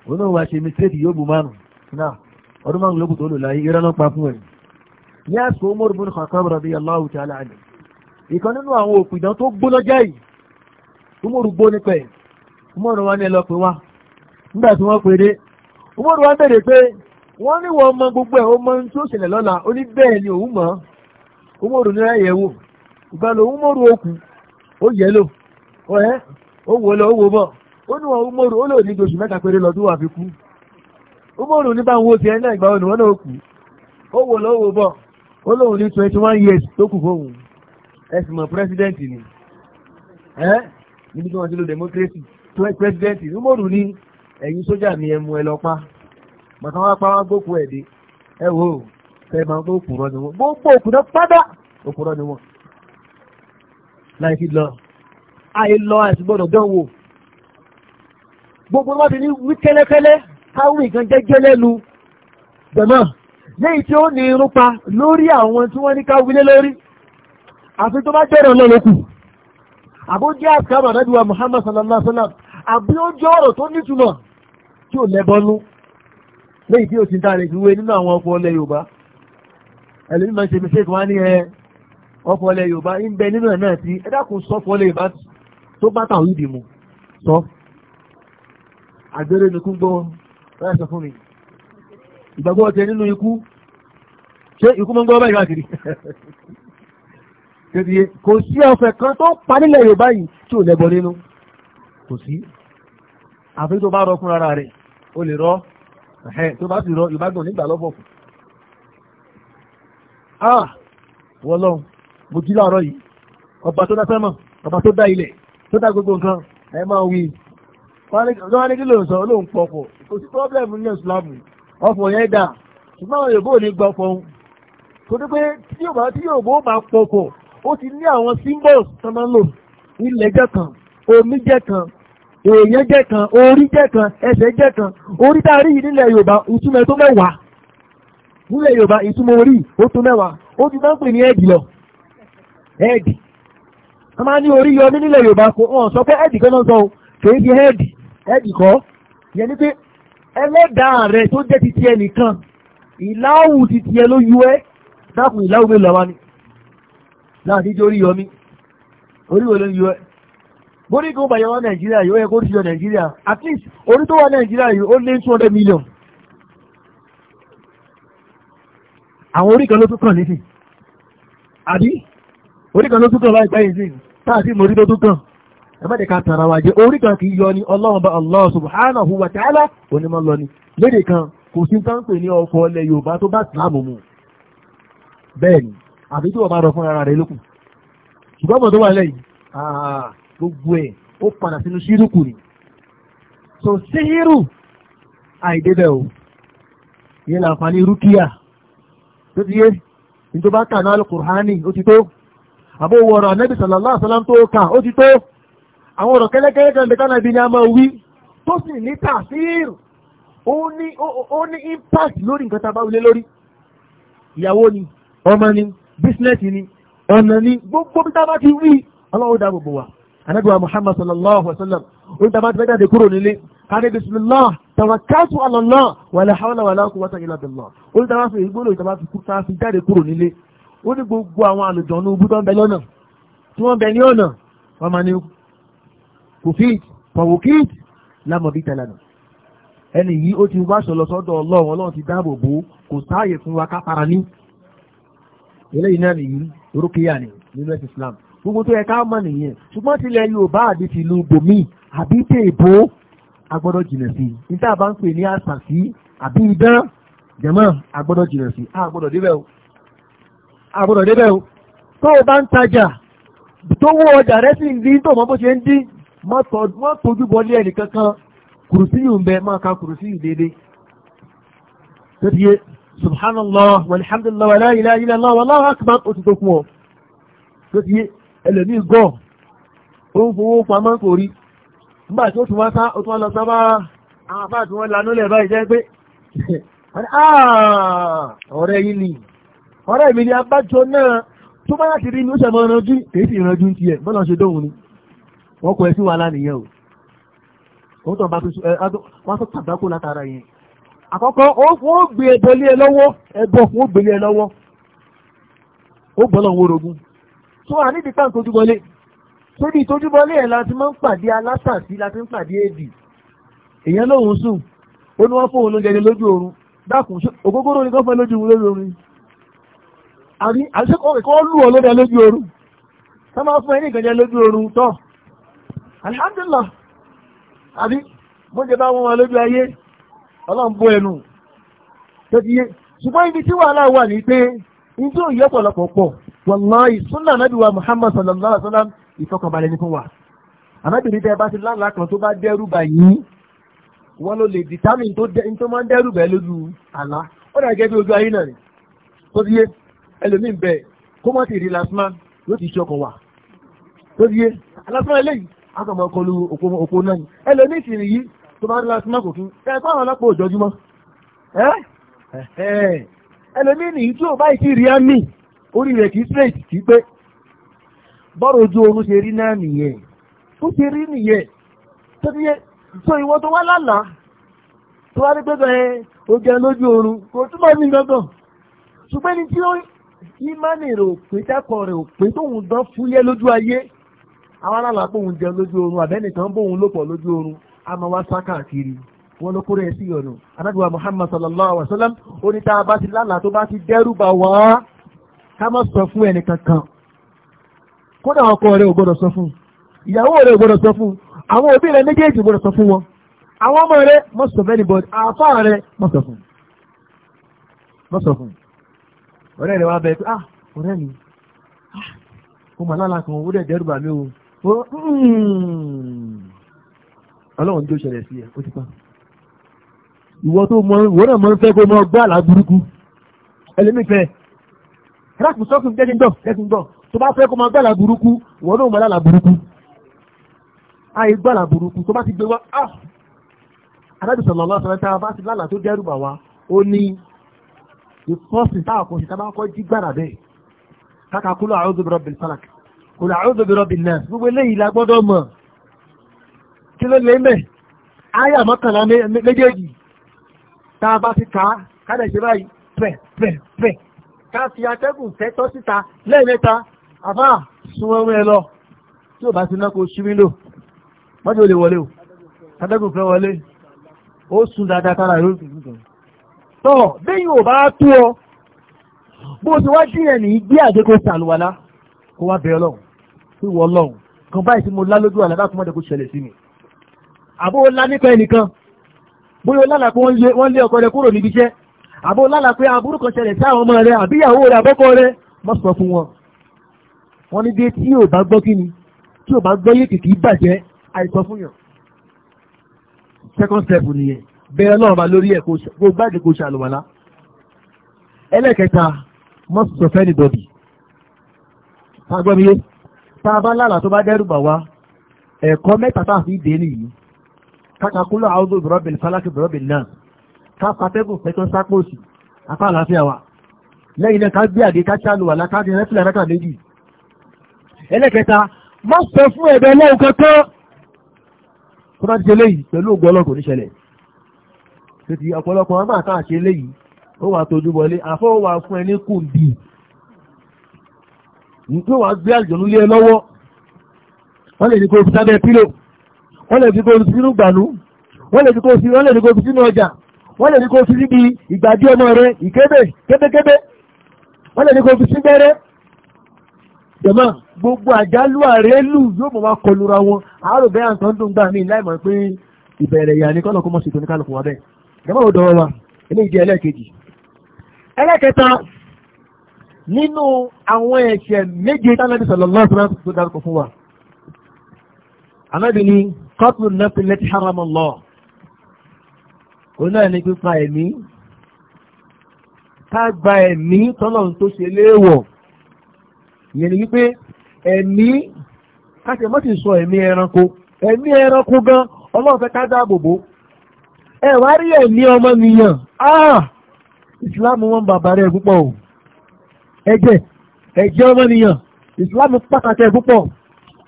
òun náà wá ṣe mistake yóò bu márùn-ún náà ọdún márùn-ún lókùn tó lò láyé ìrànlọ́pàá fún ẹ̀yìn. ní àsìkò Umar bin Khattab radiyallahu ta'ala anhu ìkan nínú àwọn òpìdán tó gbóná jáì Umaru gbó nípa ẹ̀ Umaru wa ní ẹ lọ pé wá nígbà pé wọ́n ní wọ́n mọ gbogbo ẹ̀ o tí ṣẹlẹ̀ lọ́la ó ní bẹ́ẹ̀ ni òun ní okù wọn ó lò ó lóun ní twenty years tó kù fóun ẹsìn president ni ẹ́ níbi tí wọ́n ti lo democracy president rúmọ̀rù ni ẹ̀yin sójà mi ẹ mú ẹ lọ pa màtá wá pa wá gbókù ẹ̀ dé ẹ wò ó fẹ́ máa gbó òkúrọ́ ni wọ́n gbogbo òkúrọ́ pátá òkúrọ́ ni wọ́n láì fi lọ àì lọ àti gbọ́dọ̀ dán wò gbogbo wọn ti ní wí kẹ́lẹ́kẹ́lẹ́ káwé nǹkan jẹ́jẹ́ lẹ́nu jẹ̀mọ́ léyìí tí ó ní irun pa lórí àwọn tí wọ́n ní ká wílé lórí àfi tó bá jẹ́rọ lọ́lọ́kù àbójẹ́ àkàmà nàbíwá Muhammad sallallahu alaihi wa sallam àbí ó jẹ́ ọ̀rọ̀ tó nítumọ̀ tí ò lẹ́bọ́nú léyìí tí ó ti ń tààrẹ̀ ìwé nínú àwọn ọkọ̀ ọlẹ́ Yorùbá ẹlẹ́mí máa ń ṣe mistake wá ní ẹ ọkọ̀ ọlẹ́ Yorùbá ń bẹ nínú ẹ̀ náà tí ẹ sọ ọkọ̀ ọlẹ́ Yorùbá tó bá tàwọn ìdìmú sọ àgbèrè nìkú gbọ́ láìsọ fún mi ìgbàgbọ́ ọ̀tẹ̀ nínú ikú ṣé ikú mọ́ ń gbọ́ báyìí káàkiri tẹ̀lé kò sí ọ̀fẹ́ kan tó pa nílẹ̀ Yorùbá yìí tí ò lẹ́bọ nínú kò sí àfi tó bá rọ fún ara rẹ̀ o lè rọ tó bá sì rọ Yorùbá gbọ̀n nígbà lọ́bọ̀ fún ah wọlọ́n mo jí láàárọ̀ yìí ọba tó dá sẹ́mọ̀ ọba tó dá ilẹ̀ tó dá gbogbo nǹkan ẹ máa wí wọ́n á ní kí ló ń sọ olóhùn pọ̀pọ̀ kò sí pọ́blẹ́mù ní ìsìlámù yìí Ọfọ yẹn dà ṣùgbọ́n àwọn yòòbó ní gbọ́ fọ́n pé tí yòòbá tí yòòbó máa pọ̀pọ̀ ó ti ní àwọn symbols tó ilẹ̀ jẹ́ kan omi jẹ́ kan èèyàn jẹ́ kan orí jẹ́ kan ẹsẹ̀ jẹ́ kan orí tá a rí yìí nílẹ̀ Yorùbá ìtumọ̀ tó mẹ́wàá nílẹ̀ Yorùbá ìtumọ̀ orí ó tó mẹ́wàá ó ti máa ń pè ní ẹ̀dì lọ yọ ní nílẹ̀ Yorùbá kò wọ́n sọ pé ẹ̀dì kan náà sọ kèé di ẹ̀dì ẹ̀dì kọ́ ẹlẹ́dàá rẹ̀ tó jẹ́ ti ti ẹnìkan ìláwù ti ti ẹ ló yú ẹ́ dákùn ìláwù mélòó wa ni láti jẹ́ orí yọmí orí wo ló ń yú ẹ́ bórí kí ó bàyẹ̀ wá nàìjíríà yóò yẹ kó ti yọ nàìjíríà at least orí tó wà nàìjíríà yìí ó lé two hundred million àwọn orí kan ló tún kàn nísìn àbí orí kan ló tún kàn láìpẹ́ yìí sí táà sí mo rí tó tún kàn ẹ̀mẹ́dẹ̀ ká tara wa jẹ́ orí kan kì í yọ ni ọlọ́run bá Allah subhanahu wa ta'ala onímọ̀ lọ ni léde kan kò sí tán ní ọkọ̀ ilẹ̀ Yorùbá tó bá sàmù mu bẹ́ẹ̀ ni àbí tí wọ́n bá rọ fún ara rẹ̀ lókun ṣùgbọ́n mọ̀ tó wà lẹ́yìn gbogbo ẹ̀ ó padà sínú ṣírùkù ni so síhírù àìdébẹ̀ o ìyẹn làǹfààní rúkìá tó ti yé ní tó bá kà náà Al-Qur'ani ó ti tó àbówọ̀rọ̀ Ànábì sallallahu alaihi wasallam tó kà ó àwọn ọ̀rọ̀ kẹ́lẹ́kẹ́lẹ́ kan bẹ̀tá náà bí ní a máa wí tó sì ní tàfíìrù ó ní impact lórí nǹkan tá a bá wulé lórí ìyàwó ni ọmọ ni bísínẹ́sì ni ọ̀nà ni gbogbo bí tá a bá ti wí ọlọ́run dá gbogbo wa anábìwá Muhammad sallallahu alaihi wa sallam ó ní tá a bá ti fẹ́ jáde kúrò nílé káde ala Allah wala hawla wala quwwata illa billah ó ní tá a bá fi ìgbóló ìta bá fi kú tá a fi jáde kúrò nílé ó kòfíìt pọ̀wòkíìt lámọ̀bí tẹ̀lẹ̀ nà ẹni yìí ó ti wáṣọ lọ sọ́dọ̀ ọlọ́run ọlọ́run ti dáàbò bò kò sáàyè fún wa ká para ní eléyìí náà nìyí orókèyà ni nínú ẹ̀sìn Islam gbogbo tó yẹ ká mọ̀ nìyẹn ṣùgbọ́n tilẹ̀ Yorùbá àbí ti lu bòmí àbí tè bò agbọ́dọ̀ jìnà sí níta bá ń pè ní àṣà sí àbí idán jẹ̀mọ́ agbọ́dọ̀ jìnà sí agbọ́dọ̀ débẹ̀ o agbọ́dọ̀ débẹ̀ o tó o bá ń tajà tó wó ọjà rẹ sì ń dín tó mọ bó ṣe ń dín má tójú bọ́lé ẹnì kankan kùrùsí yìí ń bẹ máa ka kùrùsí yìí déédéé tó ti yé subhanallah walhamdulillah wala ilaha illallah wallahu akbar ó ti tó fún ọ tó ti yé ẹlòmíì gọ̀ ó ń fowó pamọ́ kò rí nígbà tí ó tún wá sá wọ́n kọ ẹ sí wàhálà nìyẹn o bá tó tàbákò látara yẹn àkọ́kọ́ ó gbé ẹbọ lé ẹ lọ́wọ́ ẹbọ ó gbé lé ẹ lọ́wọ́ ó tó wà nídìí tá à la máa ń pàdé alásàsí la ń pàdé èdì èèyàn sùn ó oorun ògógóró ni kò fẹ́ oorun àbí àṣekọ̀ọ́ kò lù oorun máa fún ẹ ní oorun alhamdulillah àbí mo jẹ bá wọn wà lójú ayé ọlọ́run bó ẹnu tó ti yé ṣùgbọ́n ibi tí wàhálà wà ní pé ìjọ òye ọ̀pọ̀lọpọ̀ pọ̀ wàláhì súnà anábìwà muhammad sallallahu alaihi wa sallam ìfọkànbalẹ̀ ní fún wa anábìrin tẹ bá ti lánàá kan tó bá dẹ́rù bà yín wọn ló lè determine tó dẹ tó máa ń dẹ́rù bẹ́ẹ̀ lójú àlá ó dà gẹ́gẹ́ bí ojú ayé náà ni tó ti yé ẹlòmíín bẹ́ẹ̀ kó má ti rí last man yóò ti ṣe wà tó ti yé last eléyìí àkàmọ́ kọlu òpó náà ẹlòmíì sì nìyí tó bá rí láti má kò kín ẹ kọ́ àwọn ọlọ́pàá òjọ́júmọ́ ẹlòmíì nìyí tí ò bá ìtì rí àmì orí rẹ̀ kì í straight kì í pé bọ́rọ̀ ojú oorun ṣe rí náà nìyẹn ó ṣe rí nìyẹn tó ti yẹ so ìwọ tó wá lánàá tó wá rí pé bẹ́ẹ̀ ó jẹun lójú oorun kò túbọ̀ ní gbọ́ngàn ṣùgbọ́n ní tí ó ìmánì rẹ̀ ò pé dákọ̀ rẹ̀ ò pé tóun dán fúyẹ́ lójú ayé àwọn aláàlá bóun jẹun lójú oorun àbẹ́nìkan bóun lòpọ̀ lójú oorun a máa wá sá káàkiri wọn ló kúrò ẹ sí ọ̀nà anábìwá Muhammad sallallahu alaihi wa sallam ó bá ti lálàá tó bá ti wá ká má sọ fún kódà ọkọ rẹ ò sọ fún ìyàwó rẹ ò sọ fún àwọn òbí rẹ méjèèjì sọ fún wọn àwọn ọmọ rẹ má Hmm. ọlọ́run jó ṣẹlẹ̀ sí ẹ ó ti pa ìwọ tó mọ ìwọ náà mọ fẹ́ kó mọ gbá àlá burúkú ẹlẹ́mìfẹ́ rákù sọ́kùn jẹ́jìndọ̀ jẹ́jìndọ̀ tó bá fẹ́ kó mọ gbá àlá burúkú ìwọ náà mọ àlá burúkú àyè gbá àlá burúkú tó bá ti gbé wá ah adájọ́ sọ̀rọ̀ lọ́wọ́ sọ̀rọ̀ tá a bá ti lálà tó dẹ́rù bà wá ó ní ìfọ́sìn táwọn kò ṣe tá a bá kọ́ jí gbàrà bẹ́ẹ̀ kákàkúlọ̀ àwọn obìnrin kò làárọ̀ bèbè rọ̀bì náà gbogbo eléyìí la gbọ́dọ̀ mọ̀ kí ló lè mẹ́ àyà mọ́kànlá méjèèjì tá a bá ti kà á kádà ṣe báyìí pẹ̀ pẹ̀ pẹ̀ ká fi atẹ́gùn fẹ́tọ́ síta lẹ́ẹ̀mẹ́ta àbá sun ọrùn ẹ lọ tí ò bá ti ná kó ṣí mí lò mọ́jọ́ ò lè wọlé o atẹ́gùn fẹ́ wọlé ó sun dáadáa tára yóò fi dùn tọ́ bẹ́yìn ò bá tú ọ bó ti wá díẹ̀ nìyí gbé àdékò sàlùwàlá kó wá bẹ ọlọ́run pé wọ́n lọ́hùn kan báyìí tí mo lá lójú àlá bá tún mọ́tò kó ṣẹlẹ̀ sí mi àbó lá nípa ẹnìkan bóyá ó lálàá pé wọ́n lé ọkọ rẹ kúrò níbi iṣẹ́ àbó lálàá pé aburú kan ṣẹlẹ̀ sí àwọn ọmọ rẹ àbí ìyàwó rẹ àbọ́kọ rẹ má sọ fún wọn wọ́n ní dé tí yóò bá gbọ́ kí ni tí yóò bá gbọ́ yé kìkì bàjẹ́ àìsọ fún yàn second step nìyẹn bẹ́ẹ̀ náà bá lórí ẹ̀ kó gbáàdì kó ṣàlùwàlá ẹlẹ́kẹta mọ́sọ̀fẹ́ nìbọ̀dì fagbọ́miyé tá a bá lálàá tó bá dẹ́rù bà wá ẹ̀kọ́ mẹ́ta tá a fi dé nìyí kákàkúlọ̀ àwọn obìnrin falákì obìnrin náà ká patẹ́gùn pẹ́tọ́ sápòsì apá àlàáfíà wa lẹ́yìn náà ká gbé àgé ká ṣàlù wà lákàdé rẹ́fìlà rákà méjì ẹlẹ́kẹta má sọ fún ẹ̀bẹ̀ lẹ́hùn kankan tó bá ti ṣe léyìí pẹ̀lú ògùn ọlọ́kùn níṣẹ̀lẹ̀ tètè ọ̀pọ̀lọpọ̀ wọn máa tá àṣe léyìí ó wà tójú àfọwọ́ wà fún ẹni kùn bíi nígbà wàá gbé àjọ̀nú lé ẹ lọ́wọ́ wọ́n lè ní kó o fi sábẹ́ pílò wọ́n lè ní kó o fi sínú gbànú wọ́n lè ní kó fi sínú ọjà wọ́n lè ní kó fi síbi ọmọ rẹ ìkébè kébékébé wọ́n lè ní kó fi sí bẹ́rẹ́ gbogbo àjálù àrélù yóò mọ̀ wá kọlura wọn àárò bẹ́ẹ̀ àǹtọ́ dùn gbà mí láìmọ̀ pé ìbẹ̀rẹ̀ ìyá ni kọ́nà kó mọ̀ bẹ́ẹ̀ wa eléyìí ẹlẹ́ẹ̀kejì ẹlẹ́ẹ̀kẹta nínú àwọn ẹ̀ṣẹ̀ méje tánàbí sallallahu dárúkọ fún wa anábì ni qatlu nafsi lati haram Allah òun náà ní pípa ẹ̀mí ká gba ẹ̀mí tọ́lọ́run tó ṣe léèwọ̀ ìyẹn ni wípé ẹ̀mí káṣẹ mọ́tì sọ ẹ̀mí ẹranko ẹ̀mí ẹranko gan ọlọ́run fẹ́ ká dáàbò bò ẹ̀ wá rí ẹ̀mí ọmọnìyàn Islam ah! wọn bàbá rẹ̀ púpọ̀ o ẹ̀jẹ̀ ẹ̀jẹ̀ ọmọnìyàn Islam pàtàkì ẹ̀ púpọ̀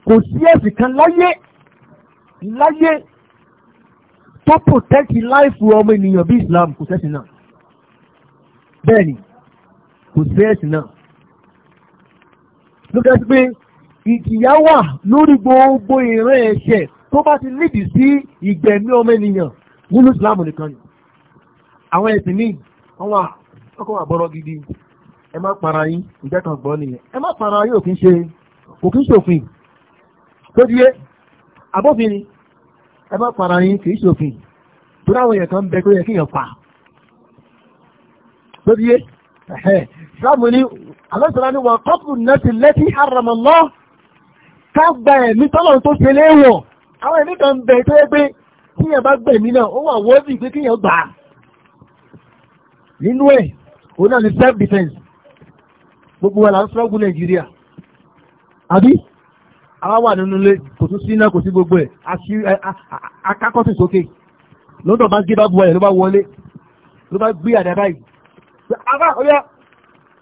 kò sí ẹ̀sìn kan láyé láyé tó protect life ọmọ ènìyàn bí Islam kò sẹ́sìn náà bẹ́ẹ̀ ni kò sí ẹ̀sìn náà ló dájú pé ìjìyà wà lórí gbogbo ìran ẹ̀ṣẹ̀ tó bá ti nídìí sí ìgbẹ̀mí ọmọ ènìyàn nínú Islam nìkan ni àwọn ẹ̀sìn míì àwọn àkọ́kọ́ àbọ̀rọ̀ gidi ẹ má para yín ìjẹ́ kan gbọ́ nìyẹn ẹ má para yín òkín ṣe kò kí ń ṣòfin tó díé abófin ni ẹ má para yín kì í ṣòfin tó dáwọn èèyàn kan bẹ tó yẹ kí èèyàn pa tó díé sáàmù ni alẹ́sọ̀rọ̀ ni wọ́n kọ́pù nẹ́tì lẹ́tì àràmọ̀lọ́ ká gba ẹ̀mí tọ́lọ̀ tó ṣe léèwọ̀ àwọn ẹ̀mí kan bẹ tó yẹ pé kíyàn bá gbẹ̀mí náà ó wà wọ́ọ̀dì pé kíyàn gbà nínú ẹ̀ òun náà ni self defence gbogbo wa là ń sọ́gùn nàìjíríà àbí àwa wà nínú ilé kò tún sí iná kò sí gbogbo ẹ̀ akákọ́sì sókè lọ́dọ̀ bá gé bá bu ẹ̀ ló bá wọlé ló bá gbé àdá báyìí àbá ọ̀yá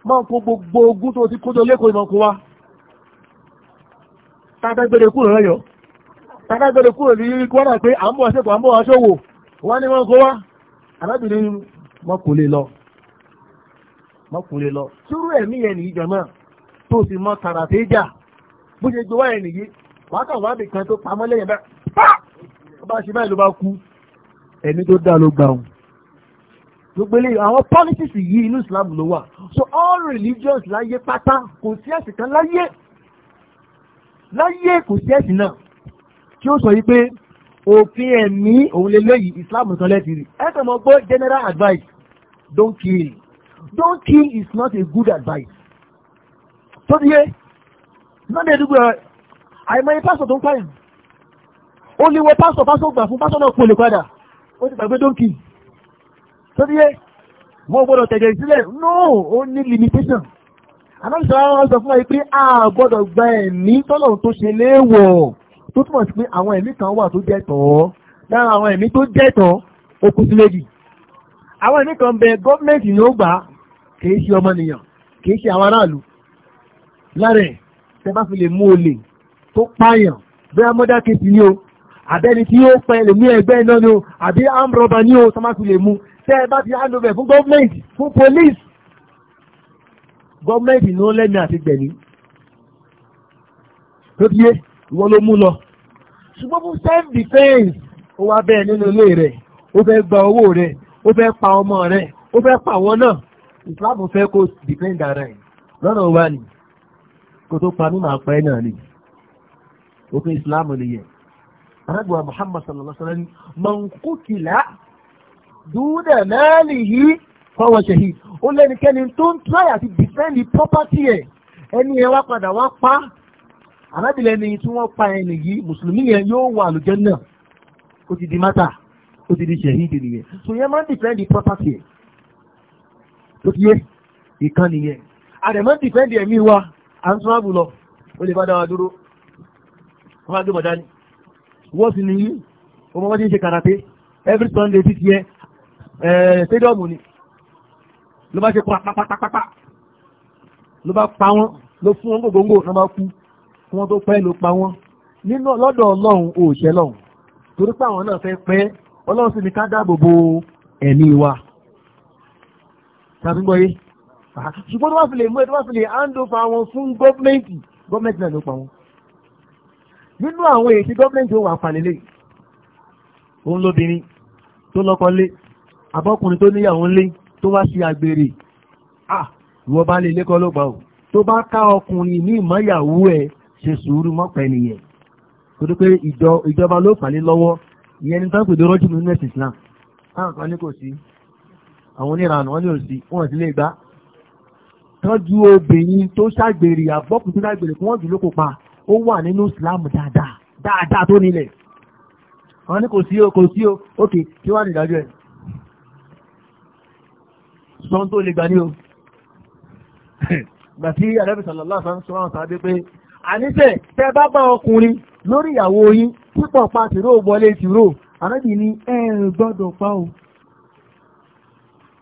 máa kó gbogbo ogún tó ti kójọ lẹ́kọ̀ọ́ ìmọ̀ kó wa tàbẹ́gbẹ̀rẹ̀ kúrò lọ́yọ̀ tàbẹ́gbẹ̀rẹ̀ kúrò ní kọ́nà pé à ń bọ̀ ṣèkọ̀ à ń bọ̀ wá wọ́n ní wọ́n kó wa arábìnrin wọn kò lè lọ mọ́kùnrin lọ sírú ẹ̀mí yẹn nìyí jọmọ́ tó sì mọ tàràfẹ́ jà bó ṣe gbowó ẹ̀ nìyí wàá kàn wá bìkan tó pamọ́ lẹ́yìn bẹ́ẹ̀ pa ó ṣe báyìí ló bá kú ẹ̀mí tó dá ló gbà òun gbogbo eléyìí àwọn politics yìí inú Islam ló wà so all religions láyé pátá kò sí ẹ̀sìn kan láyé láyé kò sí ẹ̀sìn náà tí ó sọ yìí pé òfin ẹ̀mí òun lè léyìí Islam kan lẹ́tìrì ẹ̀sìn ọmọ gbọ́ general advice don't kill don't kill is not a good advice. So ti yé náà lè dúpẹ́ àìmọye pásọ̀ tó ń pààyàn ó léwọ́ pastor pásọ̀ gbà fún pásọ̀ náà kò lè padà ó ti gbàgbé don't kill tó ti yé wọ́n gbọ́dọ̀ tẹ̀jẹ̀ sílẹ̀ no ó ní limitation anáṣẹ́ wọn sọ fún wa pé a gbọ́dọ̀ gba ẹ̀mí tọ́lọ̀ tó ṣe léèwọ̀ tó túmọ̀ sí pé àwọn ẹ̀mí kan wà tó jẹ́ tọ́ lára àwọn ẹ̀mí tó jẹ́ tọ́ ó kú sí méjì àwọn ẹ̀mí kan bẹ gọ́ọ̀mẹ̀ntì ni ó gbà kìí ṣe ọmọnìyàn kìí ṣe àwọn aráàlú lárẹ̀ tẹ bá fi lè mú olè tó pààyàn bóyá mọ́dá kejì ni o àbẹ́ni tí yóò pẹ́ lè mú ẹgbẹ́ náà ni o àbí amrọ̀bà ni o tó má fi lè mú tẹ́ bá ti hand over fún gọ́ọ̀mẹ̀ntì fún police gọ́ọ̀mẹ̀ntì ni ó lẹ́nu àti gbẹ̀mí tó ti yé ìwọ ló mú lọ ṣùgbọ́n fún self defence ó wá bẹ́ẹ̀ nínú ilé rẹ̀ ó fẹ́ gba owó rẹ̀ ó fẹ́ pa ọmọ rẹ̀ ó fẹ́ pa àwọn náà Islam fẹ́ kó defend ara ẹ̀ lọ́nà wa ni kó tó pa mí máa pẹ́ náà ni òfin Islam lè yẹ arábìwá Muhammad sallallahu alaihi wa sallam man qutila duna malihi fọwọ́ ṣèhí ó lẹ́nikẹ́ni tó ń try àti defend property ẹ̀ ẹni ẹ wá padà wá pa arábìlẹ̀ ni tí wọ́n pa ẹni yìí mùsùlùmí yẹn yóò wà lójẹ́ náà ó ti di mátà ó ti di ṣèhí ìdìlẹ̀ so yẹn property ló ti yé ìkan nìyẹn àdẹ̀mọ́ dìpẹ́ndì ẹ̀mí wa à ń súnmọ́ lọ ó lè bá dá wa dúró wọ́n máa gbé bọ̀dá ni wọ́n sì nìyí ọmọ wọn ti ń ṣe karate every Sunday ti tiẹ̀ stadium ni ló bá ṣe pápápápápá ló bá pa wọ́n ló fún wọn gbogbo ló máa kú kí wọ́n tó pẹ́ ló pa wọ́n nínú lọ́dọ̀ ọlọ́run òòṣẹ́ lọ́hùn torí pé àwọn náà fẹ́ pẹ́ ọlọ́run sì ní ká dáàbò bo ẹ̀mí wa tàbí gbọ́yé ṣùgbọ́n tó bá fi lè mú ẹ tó bá fi lè hand over wọn fún gọ́ọ̀mẹ̀ntì gọ́ọ̀mẹ̀ntì náà ló pa wọn nínú àwọn èyí tí gọ́ọ̀mẹ̀ntì ó wà pàlélẹ̀ òun lóbìnrin tó lọ́kọ lé abọ́kùnrin tó níyàwó lé tó wá sí agbèrè ah ìwọ bá lè lékọ́ ló gbà ó tó bá ká ọkùnrin ní ìmọ̀yàwó ẹ̀ ṣe sùúrù mọ́pẹ́ nìyẹn torí pé ìjọba ló fà lé lọ́wọ́ ìyẹn ni táwọn pèdè rọ́jú nínú ẹ̀sìn Islam àwọn oníranù wọn ní òsì wọn sì lè gbá tọ́jú obìnrin tó ṣàgbèrè àbọ́kù tó ṣàgbèrè kí wọ́n jù ló kópa ó wà nínú ìsìláàmù dáadáa dáadáa tó nílẹ̀ wọn ní kò sí o kò sí o ókè kí wàá nìdájọ́ ẹ̀ sọ tó lè gbà ní o gbà tí àdàbí sàlọ́lá sàn sọ àwọn sàbí pé àníṣe tẹ bá bá ọkùnrin lórí ìyàwó yín púpọ̀ pa tìró wọlé tìró àrẹ́bì ni ẹ gbọ́dọ̀ pa o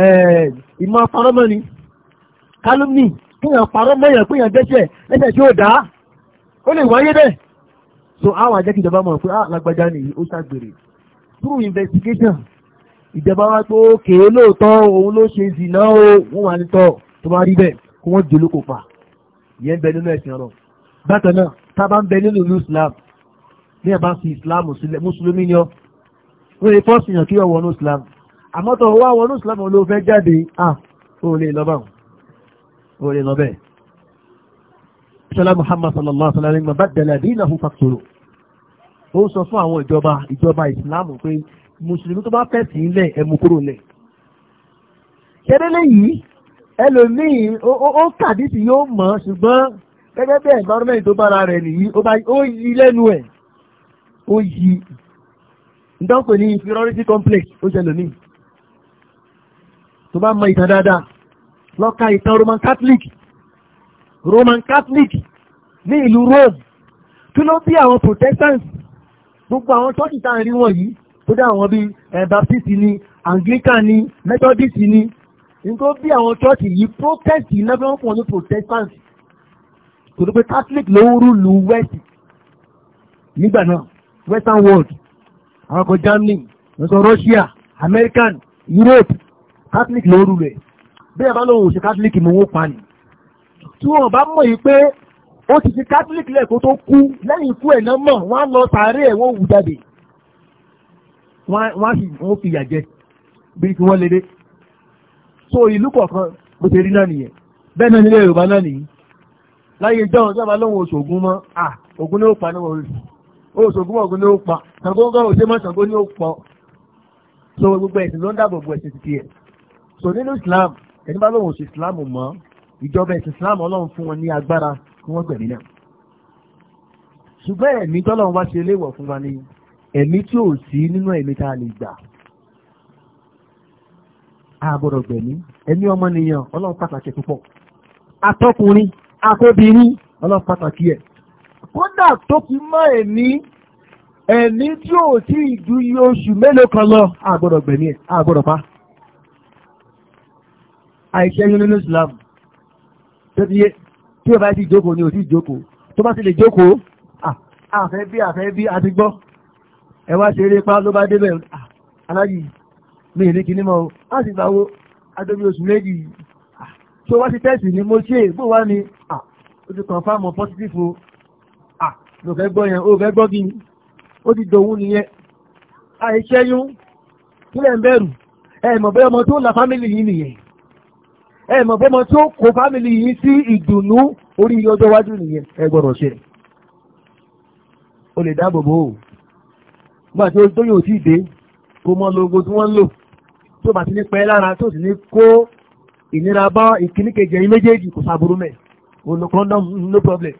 Eh, ìmọ̀ parọ́mọ́ ni calumny kíyàn parọ́mọ́ yẹn kíyàn dẹ́ṣẹ̀ ẹ̀ṣẹ̀ tí ó dá ó lè wáyé bẹ́ẹ̀ so àwọn àjẹ́ kíjọba mọ̀ pé alágbájá ah, ni ó ṣàgbèrè through investigation ìjọba wa tó kéé lóòótọ́ òun ló ṣe zìnà o wọ́n wà nítọ́ tó bá rí bẹ́ẹ̀ kó wọ́n jòló kò fà ìyẹn bẹ nínú ẹ̀sìn ọ̀rọ̀ bákan náà tá a bá ń bẹ nínú ìlú Islam bí ẹ bá fi Islam mùsùlùmí ni ọ wọ́n lè fọ́ọ̀sì yàn kí ọ̀wọ́ ní Islam àmọ́ tó wá wọnú ìsìlámù ló fẹ́ jáde ah ó lè lọ bá ó lè lọ bẹ́ẹ̀ sọlá muhammad sallallahu alaihi wa sallam ma baddala dinahu faqtulu ó sọ fún àwọn ìjọba ìjọba ìsìlámù pé mùsùlùmí tó bá fẹ́ sí ilẹ̀ ẹ̀mú kúrò lẹ̀ kẹ́dẹ́lẹ́ yìí ẹlòmíì ó kàdí sí yóò mọ̀ ṣùgbọ́n gẹ́gẹ́ bí environment tó bára rẹ̀ nìyí ó yí lẹ́nu ẹ̀ ó yí ìdánpẹ̀ ní inferiority complex ó ṣẹlòmíì tó bá mọ ìtàn dáadáa lọ ka ìtàn roman catholic roman catholic ní ìlú rome kí ló bí àwọn protestants gbogbo àwọn church tá à ń rí wọ̀nyí tó dá àwọn bíi baptist ni anglican ni methodist ni nítorí bí àwọn church yìí protest yìí náà fi wọ́n fún wọn ní protestant kò ní pé catholic ló ń rúlu west nígbà náà western world àwọn kan germany wọ́n sọ russia american europe catholic ló rú rẹ̀ bí ẹ bá lóun ṣe catholic mú wọn pa ni tí wọn bá mọ̀ yìí pé ó ti fi catholic lẹ̀ kó tó kú lẹ́yìn ikú ẹ̀ náà mọ̀ wọ́n á lọ sàárè ẹ̀ wọ́n wù jáde wọ́n á sì wọ́n fi yà jẹ kí wọ́n lédè so ìlú kọ̀ọ̀kan bó ṣe rí náà nìyẹn bẹ́ẹ̀ náà nílẹ̀ yorùbá náà nìyí láyé jọ́wọ́ tí a bá lóun oṣoògùn mọ́ à ògùn ní ó pa níwọ̀n oṣù oṣoògùn mọ́ ògùn ní ó pa ṣàǹgó òṣèmọ̀ ṣàǹgó ní ó pọ̀ so gbogbo ẹ̀sìn ló ń dáàbò bo ẹ̀sìn títí ẹ̀ so nínú islam ẹni bá lóun ṣe islam mọ́ ìjọba ẹ̀sìn islam ọlọ́run fún wọn ní agbára kí wọ́n gbẹ̀mí náà ṣùgbọ́n ẹ̀mí tọ́lọ́run wá ṣe léèwọ̀ fún wa ní ẹ̀mí tí ò sí nínú ẹ̀mí tá a lè gbà a gbọ́dọ̀ gbẹ̀mí ẹ̀mí ọmọnìyàn ọlọ́run pàtàkì púpọ̀ atọ́kùnrin akóbìnrin ọlọ́run pàtàkì ẹ̀ kódà tó fi mọ́ ẹ̀mí ẹ̀mí tí ò sí ìdúyí oṣù mélòó kan lọ a gbọ́dọ̀ gbẹ̀mí ẹ̀ a gbọ́dọ̀ pa àìṣẹ́yún nínú Islam tó ti yé tí o bá ti jókòó ni o ti jókòó tó bá ti lè jókòó àfẹ́ bí àfẹ́ bí a ti gbọ́ ẹ wá ṣeré pa ló bá débẹ̀ aláàjì mi ní kíní mọ́ a sì gbàwó adóbi oṣù méjì tó wá sí tẹ́sì ni mo ṣe bó wá ni o ti confirm positive o lò fẹ́ gbọ́ yẹn o fẹ́ gbọ́ kí ni ó ti dòun nìyẹn àìṣẹ́yún kílẹ̀ ń bẹ̀rù ẹ̀ mọ̀ bẹ́ẹ̀ ọmọ tó la fámìlì yìí nìyẹn ẹ mọ̀ fọ́mọ tí ó kó fámìlì yìí sí ìdùnnú orí iye ọjọ́ iwájú nìyẹn ẹ gbọ́dọ̀ ṣe o lè dáàbò bò ó nígbà tí ó yóò tí ì dé kó mọ logo tí wọ́n ń lò tí ó bá ti ní pẹ́ lára tó sì ní kó ìnira bá ìkíní kejì ẹ̀yìn méjèèjì kò sábúrú mẹ́ ònà kọ́ńdọ́mù no problem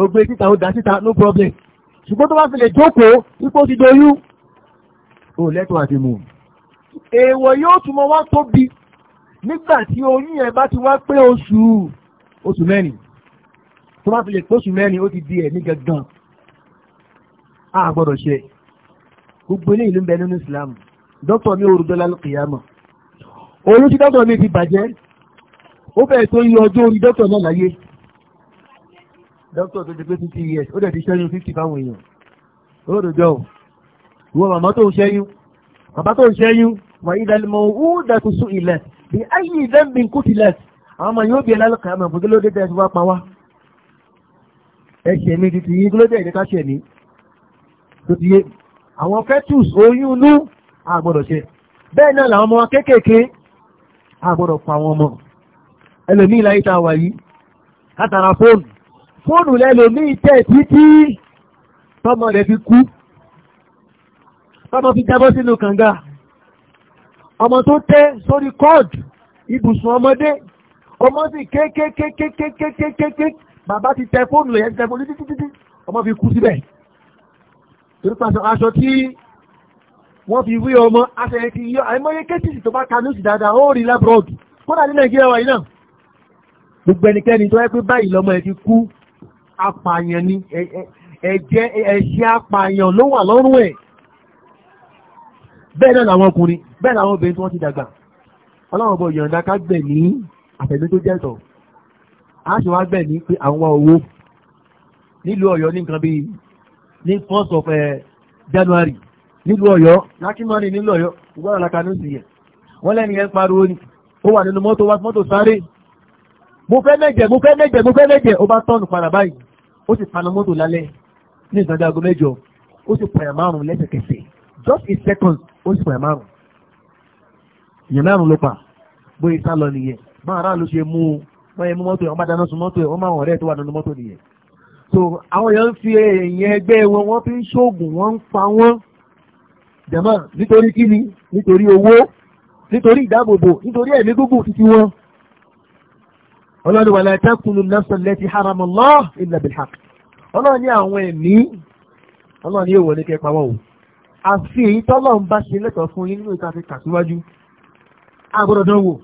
ó gbé síta ó no problem nígbà tí oyún yẹn bá ti wá pé oṣù oṣù mẹ́rin tó bá fi lè pé oṣù mẹ́rin ó ti di ẹ̀mí gangan a gbọ́dọ̀ ṣe gbogbo eléyìí ló ń bẹ nínú Islam dókítà mi ò rúdọ́ lálùkìyàmọ̀ oyún tí dókítà mi ti bàjẹ́ ó bẹ̀rẹ̀ tó yí ọjọ́ orí dókítà náà láyé dókítà tó ti pé fifty years ó dẹ̀ ti ṣẹ́yún fifty fáwọn èèyàn olódòjọ́ ìwọ màmá tó ń ṣẹ́yún bàbá tó ń ṣẹ́yún wà ìdálẹ́mọ̀ ó dàkú sún ilẹ̀ bí ayé ìdẹ́mbì kùtìlẹ̀ àwọn ọmọ yóò bí ẹlẹ́lẹ́ kàámẹ̀ fún kílódé tẹ́ ẹ ti wá pa wá ẹ̀ṣẹ̀ mi ti ti yí kílódé ẹ̀ ní ká ṣẹ̀ ní tó ti yé àwọn fetus oyún inú àgbọ̀dọ̀ ṣe bẹ́ẹ̀ náà làwọn ọmọ kéékèèké àgbọ̀dọ̀ pa àwọn ọmọ ẹlòmíì láyé tá a wà yìí látara fóònù fóònù lẹ́lòmíì tẹ̀ títí tọmọ rẹ̀ fi kú tọmọ fi jábọ́ sínú kànga ọmọ tó tẹ́ sórí kọ́ọ̀dù ibùsùn ọmọdé ọmọ sì kékékékékékékéké bàbá ti tẹ fóònù lẹ́yìn tẹ fóònù títítítí ọmọ fi kú síbẹ̀ torí pàṣẹ aṣọ tí wọ́n fi wí ọmọ aṣọ ti yọ àìmọye kéṣìṣì tó bá ka níṣì dáadáa ó rí lábúrọ́ọ̀dù kódà ní nàìjíríà wáyé náà gbogbo ẹnikẹ́ni tó yẹ pé báyìí lọ́mọ ẹ ti kú apààyàn ni ẹ̀jẹ̀ ẹ̀ṣẹ̀ apààyàn ló wà lọ́rùn ẹ̀ bẹ́ẹ̀ náà làwọn ọkùnrin bẹ́ẹ̀ làwọn obìnrin tí wọ́n ti dàgbà ọlọ́run ọbọ̀ yọ̀ǹda ká gbẹ̀ ní àtẹ̀gbẹ́ tó jẹ́tọ̀ a ṣe wá gbẹ̀ ní pé àwọn owó nílùú ọ̀yọ́ ní nǹkan bíi ní first of eh, January nílùú ọ̀yọ́ lákìmọ́rì nílùú ọ̀yọ́ ìgbọ́dọ̀ lakanú sí yẹn wọ́n lẹ́nu yẹn pariwo ni ó wà nínú mọ́tò wá mọ́tò sáré mo fẹ́ mẹ́jẹ̀ mo fẹ́ mẹ́jẹ̀ mo fẹ́ mẹ́jẹ̀ ó bá tọ́nù padà báyìí ó sì paná mọ́tò lálẹ́ ní ìgbàdàgọ́ mẹ́jọ ó sì pààyàn márùn-ún lẹ́sẹ̀kẹsẹ̀ just a second ó sì pààyàn márùn-ún èèyàn márùn ló pa bóyá sá lọ nìyẹn báwọn aráàlú ṣe mú un wọ́n yẹ mú mọ́tò yẹn wọ́n bá dáná sun mọ́tò yẹn wọ́n máa wọ̀n rẹ̀ tó wà nínú mọ́tò nìyẹn so àwọn èèyàn ń fi èèyàn ẹgbẹ́ wọn wọ́n fi ń ṣoògùn wọ́n ń pa wọ́n jẹ̀mọ́ nítorí kíni nítorí owó nítorí ìdáàbòbò nítorí ẹ̀mí gúgùn títí wọn ọlọ́run wàlá taqtulu nafsa allati harama Allah illa bil ọlọ́run ní àwọn ẹ̀mí ọlọ́run ní èèwọ̀ agbọ́dọ̀dánwò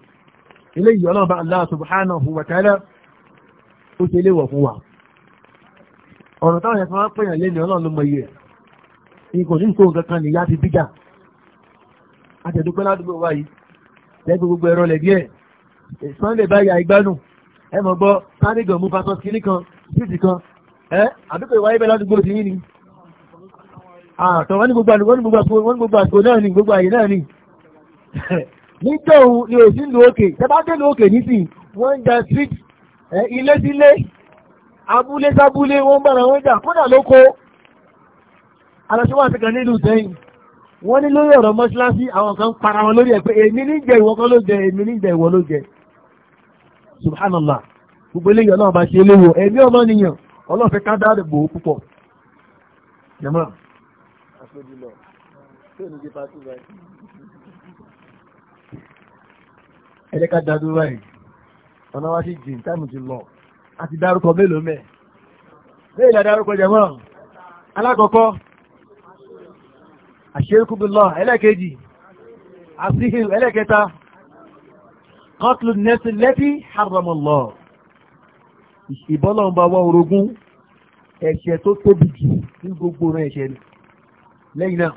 ilé ìyọ́lọ́ba Allah subhanahu wa ta'ala ó ṣe léwọ̀ fún wa ọ̀rọ̀ táwọn ẹ̀fọn wá pèèyàn lé ní ọlọ́run ló mọ iye ẹ̀ kò ní nǹkan kankan nìyá ti bíjà àtẹ̀dúpẹ́ ládùúgbò gbogbo ẹ̀rọ náà ni gbogbo àyè náà ni níjọ́hun ni òsì ń lu òkè tẹ́bá dé lu òkè nísìn wọ́n ń jẹ street ilé sílé abúlé sábúlé wọ́n bára wọ́n jà kódà lóko aláṣọ́wọ́n àti kan nílùú sẹ́yìn wọ́n ní lórí ọ̀rọ̀ mọ́ṣáláṣí àwọn kan para wọn lórí ẹ̀ pé èmi ní jẹ ìwọ kan ló jẹ èmi ní jẹ ìwọ ló jẹ subhanallah gbogbo eléyìí ọlọ́run bá ṣe léwo ẹ̀mí ọmọ nìyàn ọlọ́run fẹ́ ká dáàbò bò ó púpọ̀ jẹ́mọ́. aṣojú lọ ẹ̀jẹ̀ ká dádúró báyìí ọ̀nà wa ti jìn táìmù ti lọ àti dárúkọ mélòó mẹ́ bẹ́ẹ̀ ni adárúkọ jẹ̀mọ́ alákọ̀ọ́kọ́ àṣírkùbìlọ́ ẹlẹ́kejì àṣíhìl ẹlẹ́kẹta kọ́tlù nẹ́sì lẹ́tí haramọ̀lọ́ ìbọ́lọ́mbà wá orogún ẹ̀ṣẹ̀ tó tóbi jù ní gbogbo ẹ̀ṣẹ̀ lẹ́yìn náà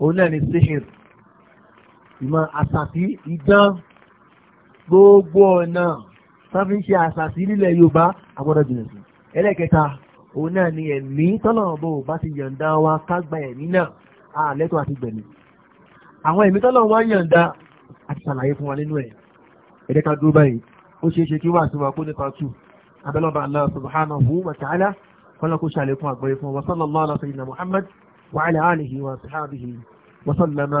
òun náà ni síhìl ìmọ̀ àṣàtí idán gbogbo ọ̀nà tán fi ń ṣe àṣàtí nílẹ̀ Yorùbá agbọ́dọ̀ jìnà sí ẹlẹ́kẹta òun náà ni ẹ̀mí tọ́lọ̀bọ bá ti yọ̀ǹda wa kágbà ẹ̀mí náà àlẹ́tọ̀ àti gbẹ̀mí àwọn ẹ̀mí tọ́lọ̀ wá yọ̀ǹda àti ṣàlàyé fún wa nínú ẹ̀ ẹ̀dẹ́ ká dúró báyìí ó ṣeé ṣe kí wà sí wa kó nípa tù abẹ́lọ́ba Allah subhanahu wa ta'ala kọ́lá kó ṣàlékún àgbọ̀yé fún wa sallallahu ala wa ala